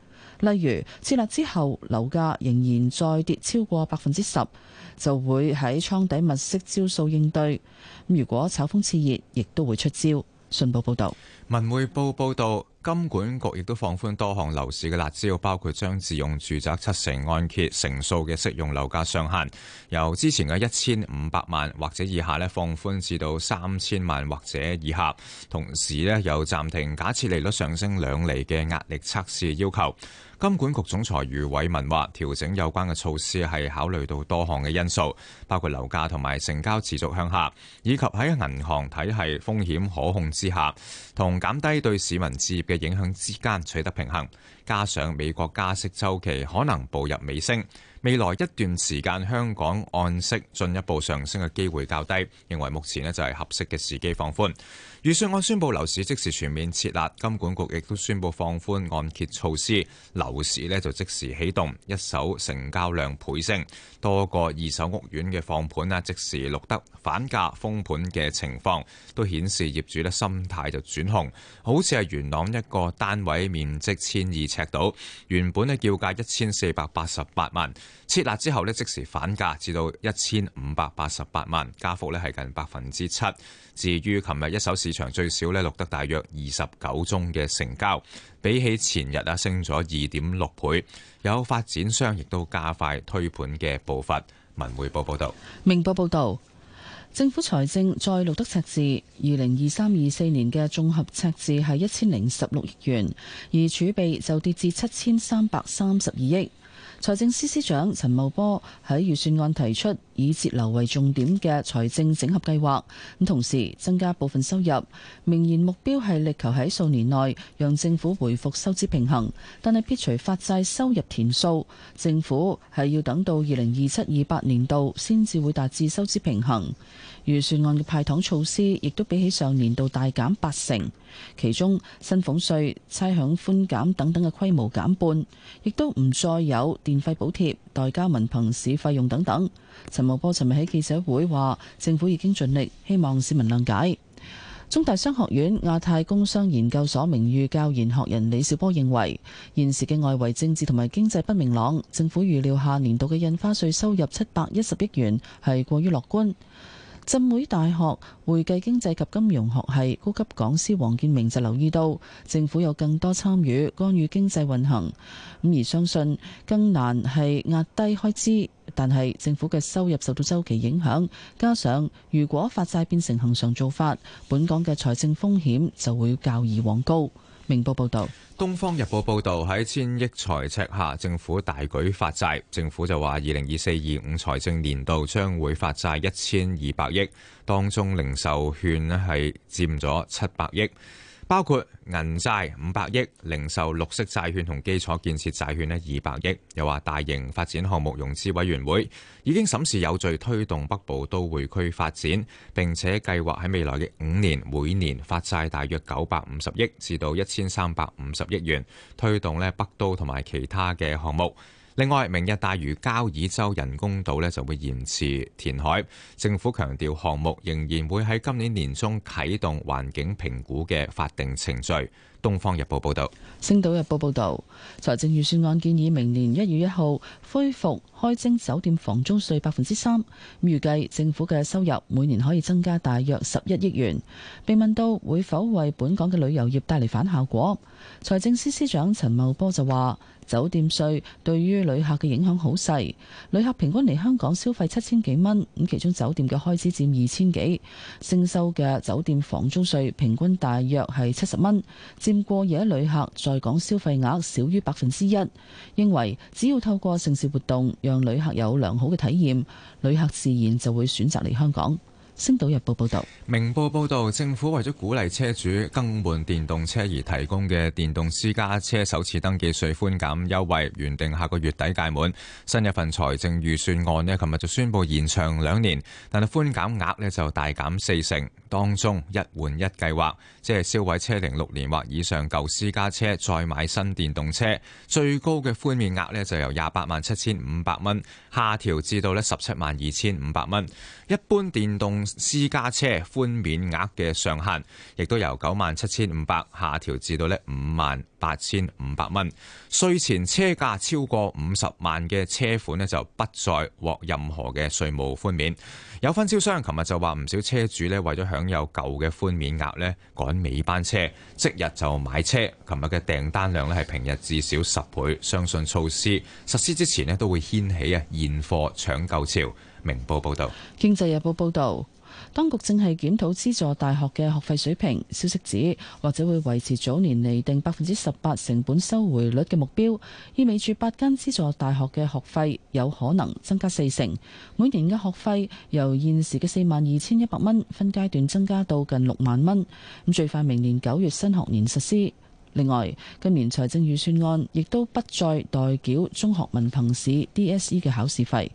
如，設立之後樓價仍然再跌超過百分之十，就會喺倉底物色招數應對。如果炒風熾熱，亦都會出招。信報報道。文匯報報道，金管局亦都放寬多項樓市嘅辣招，包括將自用住宅七成按揭成數嘅適用樓價上限，由之前嘅一千五百萬或者以下呢放寬至到三千萬或者以下，同時呢又暫停假設利率上升兩厘嘅壓力測試要求。金管局總裁余偉文話：調整有關嘅措施係考慮到多項嘅因素，包括樓價同埋成交持續向下，以及喺銀行體系風險可控之下，同減低對市民置業嘅影響之間取得平衡。加上美國加息週期可能步入尾聲，未來一段時間香港按息進一步上升嘅機會較低，認為目前呢就係合適嘅時機放寬。預算案宣布樓市即時全面撤辣，金管局亦都宣布放寬按揭措施，樓市呢就即時啟動，一手成交量倍升。多個二手屋苑嘅放盤啦，即時錄得反價封盤嘅情況，都顯示業主呢心態就轉紅。好似係元朗一個單位，面積千二尺度，原本呢叫價一千四百八十八萬，設立之後呢即時反價至到一千五百八十八萬，加幅呢係近百分之七。至於琴日一手市場最少呢錄得大約二十九宗嘅成交，比起前日啊升咗二點六倍。有發展商亦都加快推盤嘅步伐。文匯報報道。明報報道，政府財政再錄得赤字，二零二三、二四年嘅綜合赤字係一千零十六億元，而儲備就跌至七千三百三十二億。財政司司長陳茂波喺預算案提出以節流為重點嘅財政整合計劃，咁同時增加部分收入，明言目標係力求喺數年內讓政府回復收支平衡，但係撇除發債收入填數，政府係要等到二零二七二八年度先至會達至收支平衡。預算案嘅派糖措施亦都比起上年度大減八成，其中薪俸稅差餉寬減等等嘅規模減半，亦都唔再有電費補貼、代交文憑試費用等等。陳茂波尋日喺記者會話：政府已經盡力，希望市民諒解。中大商學院亞太工商研究所名譽教研學人李少波認為，現時嘅外圍政治同埋經濟不明朗，政府預料下年度嘅印花稅收入七百一十億元係過於樂觀。浸會大學會計經濟及金融學系高級講師王建明就留意到，政府有更多參與干預經濟運行，咁而相信更難係壓低開支，但係政府嘅收入受到周期影響，加上如果發債變成恆常做法，本港嘅財政風險就會較以往高。明報報道，東方日報報道喺千億財赤下，政府大舉發債。政府就話，二零二四二五財政年度將會發債一千二百億，當中零售券咧係佔咗七百億。包括銀債五百億、零售綠色債券同基礎建設債券呢二百億，又話大型發展項目融資委員會已經審視有序推動北部都會區發展，並且計劃喺未來嘅五年每年發債大約九百五十億至到一千三百五十億元，推動呢北都同埋其他嘅項目。另外，明日大嶼交椅洲人工島呢就會延遲填海，政府強調項目仍然會喺今年年中啟動環境評估嘅法定程序。《東方日報》報道，《星島日報》報導，財政預算案建議明年一月一號恢復開徵酒店房租稅百分之三，預計政府嘅收入每年可以增加大約十一億元。被問到會否為本港嘅旅遊業帶嚟反效果，財政司司長陳茂波就話：酒店稅對於旅客嘅影響好細，旅客平均嚟香港消費七千幾蚊，咁其中酒店嘅開支佔二千幾，徵收嘅酒店房租稅平均大約係七十蚊。佔過夜旅客在港消費額少於百分之一，認為只要透過盛事活動讓旅客有良好嘅體驗，旅客自然就會選擇嚟香港。星島日報報道，明報報道，政府為咗鼓勵車主更換電動車而提供嘅電動私家車首次登記稅寬減優惠，原定下個月底屆滿，新一份財政預算案呢，琴日就宣布延長兩年，但係寬減額呢就大減四成，當中一換一計劃，即係銷毀車齡六年或以上舊私家車，再買新電動車，最高嘅寬免額呢，就由廿八萬七千五百蚊下調至到呢十七萬二千五百蚊，一般電動。私家車寬免額嘅上限亦都由九萬七千五百下調至到咧五萬八千五百蚊。稅前車價超過五十萬嘅車款咧，就不再獲任何嘅稅務寬免。有分銷商琴日就話，唔少車主咧為咗享有舊嘅寬免額咧，趕尾班車即日就買車。琴日嘅訂單量咧係平日至少十倍。相信措施實施之前咧，都會掀起啊現貨搶購潮。明報報導，《經濟日報》報道。當局正係檢討資助大學嘅學費水平，消息指或者會維持早年釐定百分之十八成本收回率嘅目標，意味住八間資助大學嘅學費有可能增加四成。每年嘅學費由現時嘅四萬二千一百蚊分階段增加到近六萬蚊，咁最快明年九月新學年實施。另外，今年財政預算案亦都不再代繳中學文憑試 DSE 嘅考試費。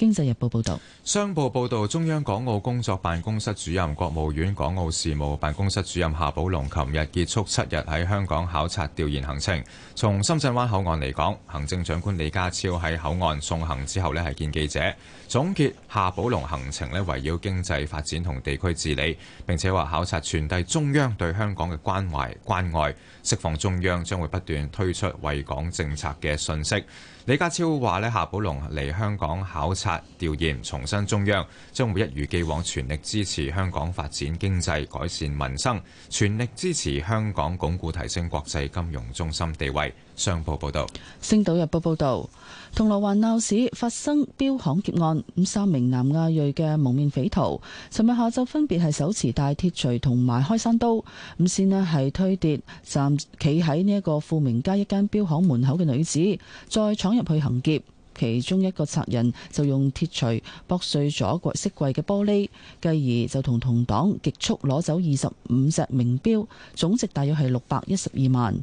經濟日報報導，商報報導，中央港澳工作辦公室主任、國務院港澳事務辦公室主任夏寶龍，琴日結束七日喺香港考察調研行程。從深圳灣口岸嚟講，行政長官李家超喺口岸送行之後呢，係見記者總結夏寶龍行程呢，圍繞經濟發展同地區治理，並且話考察傳遞中央對香港嘅關懷關愛，釋放中央將會不斷推出惠港政策嘅信息。李家超話咧，夏寶龍嚟香港考察、調研，重申中央將會一如既往全力支持香港發展經濟、改善民生，全力支持香港鞏固提升國際金融中心地位。商報報道，《星島日報》報道。銅鑼灣鬧市發生標行劫案，咁三名南亞裔嘅蒙面匪徒，尋日下晝分別係手持大鐵錘同埋開山刀，咁先呢係推跌站企喺呢一個富明街一間標行門口嘅女子，再闖入去行劫。其中一個賊人就用鐵錘破碎咗櫃飾櫃嘅玻璃，繼而就同同黨極速攞走二十五隻名表，總值大約係六百一十二萬。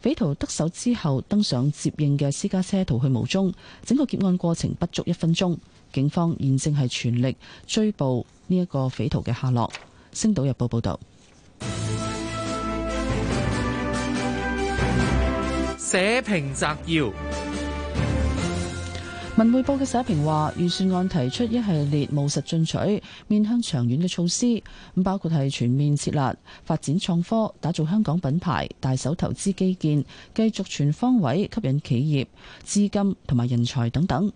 匪徒得手之後登上接應嘅私家車逃去無蹤，整個劫案過程不足一分鐘。警方現正係全力追捕呢一個匪徒嘅下落。星島日報報道。社評摘要。文匯報嘅社評話，預算案提出一系列務實進取、面向長遠嘅措施，包括係全面設立、發展創科、打造香港品牌、大手投資基建、繼續全方位吸引企業、資金同埋人才等等。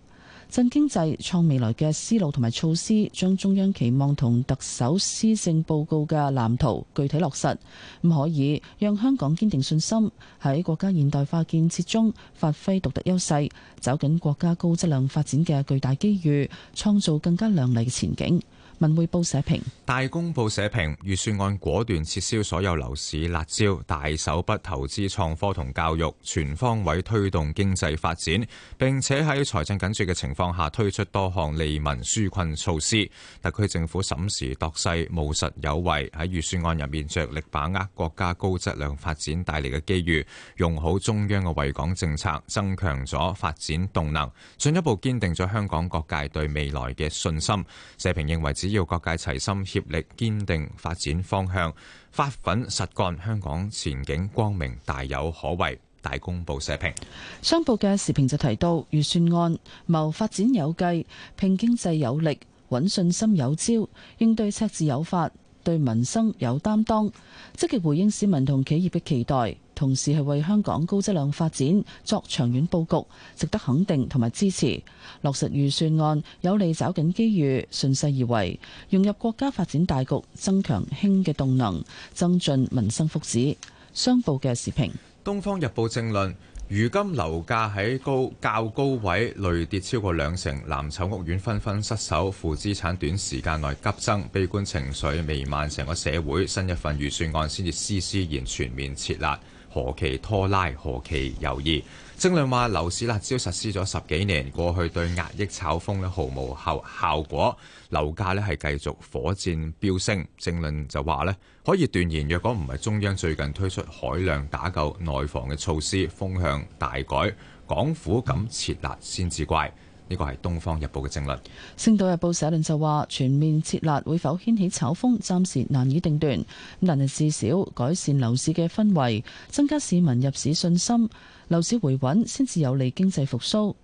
振經濟、創未來嘅思路同埋措施，將中央期望同特首施政報告嘅藍圖具體落實，咁可以讓香港堅定信心喺國家現代化建設中發揮獨特優勢，走緊國家高質量發展嘅巨大機遇，創造更加亮麗嘅前景。文匯報社評：大公報社評，預算案果斷撤銷所有樓市辣招，大手筆投資創科同教育，全方位推動經濟發展，並且喺財政緊絀嘅情況下推出多項利民紓困措施。特區政府審時度勢，務實有為，喺預算案入面着力把握國家高質量發展帶嚟嘅機遇，用好中央嘅惠港政策，增強咗發展動能，進一步堅定咗香港各界對未來嘅信心。社評認為，只要各界齊心協力、堅定發展方向、發奮實幹，香港前景光明，大有可為。大公報社評，商報嘅時評就提到，預算案謀發展有計，拼經濟有力，穩信心有招，應對赤字有法，對民生有擔當，積極回應市民同企業嘅期待。同時係為香港高質量發展作長遠佈局，值得肯定同埋支持。落實預算案有利抓緊機遇，順勢而為，融入國家發展大局，增強興嘅動能，增進民生福祉。商報嘅時評，《東方日報政論》：如今樓價喺高較高位累跌超過兩成，藍籌屋苑紛紛失守，負資產短時間內急增，悲觀情緒瀰漫成個社會。新一份預算案先至施施然全面撤辣。何其拖拉，何其猶豫。正論話樓市辣招實施咗十幾年，過去對壓抑炒風呢毫無效效果，樓價呢係繼續火箭飆升。正論就話呢，可以斷言，若果唔係中央最近推出海量打救內房嘅措施，風向大改，港府敢撤辣先至怪。呢個係《東方日報》嘅政論，《星島日報》社論就話：全面撤辣會否掀起炒風，暫時難以定斷。但係至少改善樓市嘅氛圍，增加市民入市信心，樓市回穩先至有利經濟復甦。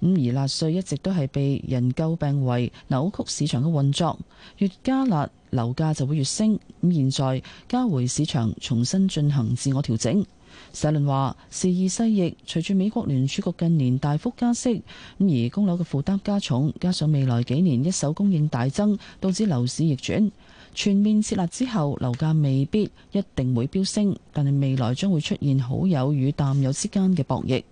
咁而辣稅一直都係被人詬病為扭曲市場嘅運作，越加辣樓價就會越升。咁現在交回市場重新進行自我調整。社論話：時移世易，隨住美國聯儲局近年大幅加息，咁而供樓嘅負擔加重，加上未來幾年一手供應大增，導致樓市逆轉。全面撤辣之後，樓價未必一定會飆升，但係未來將會出現好友與淡友之間嘅博弈。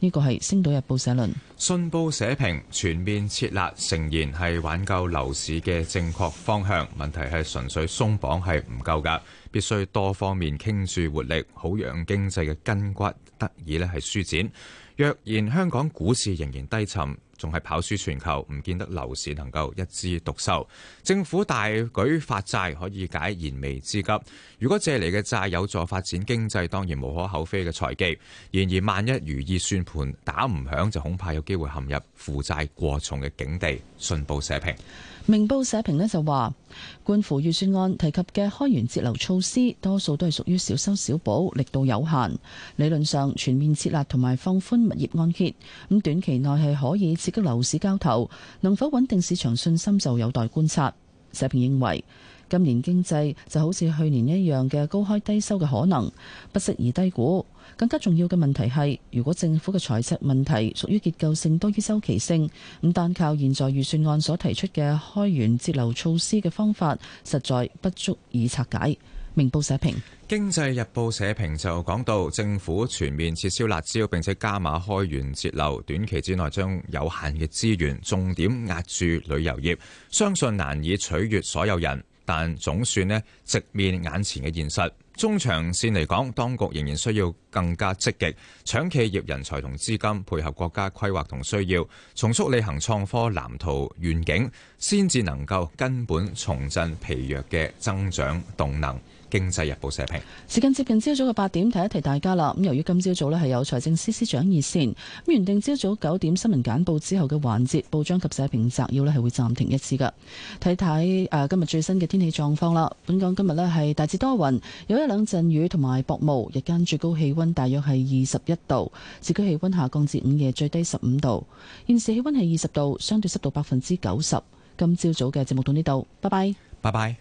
呢個係《星島日報》社論，信報社評，全面設立仍然係挽救樓市嘅正確方向，問題係純粹鬆綁係唔夠㗎，必須多方面傾注活力，好讓經濟嘅筋骨得以咧係舒展。若然香港股市仍然低沉，仲係跑輸全球，唔見得樓市能夠一枝獨秀。政府大舉發債可以解燃眉之急，如果借嚟嘅債有助發展經濟，當然無可厚非嘅財技。然而萬一如意算盤打唔響，就恐怕有機會陷入負債過重嘅境地。信報社評。明報社評呢就話，官幅預算案提及嘅開源節流措施，多數都係屬於小修小補，力度有限。理論上全面撤辣同埋放寬物業按揭，咁短期內係可以刺激樓市交投，能否穩定市場信心就有待觀察。社評認為，今年經濟就好似去年一樣嘅高開低收嘅可能，不適宜低估。更加重要嘅問題，係如果政府嘅財赤問題屬於結構性多於周期性，咁單靠現在預算案所提出嘅開源節流措施嘅方法，實在不足以拆解。明報社評，經濟日報社評就講到，政府全面撤銷辣招，並且加碼開源節流，短期之內將有限嘅資源重點壓住旅遊業，相信難以取悅所有人，但總算呢直面眼前嘅現實。中長線嚟講，當局仍然需要更加積極搶企業人才同資金，配合國家規劃同需要，重塑履行創科藍圖願景，先至能夠根本重振疲弱嘅增長動能。《經濟日報》社評，時間接近朝早嘅八點，提一提大家啦。咁由於今朝早咧係有財政司司長熱線，咁原定朝早九點新聞簡報之後嘅環節，報章及社評摘要咧係會暫停一次嘅。睇睇誒今日最新嘅天氣狀況啦。本港今日咧係大致多雲，有一兩陣雨同埋薄霧，日間最高氣温大約係二十一度，市區氣温下降至午夜最低十五度。現時氣温係二十度，相對濕度百分之九十。今朝早嘅節目到呢度，拜拜，拜拜。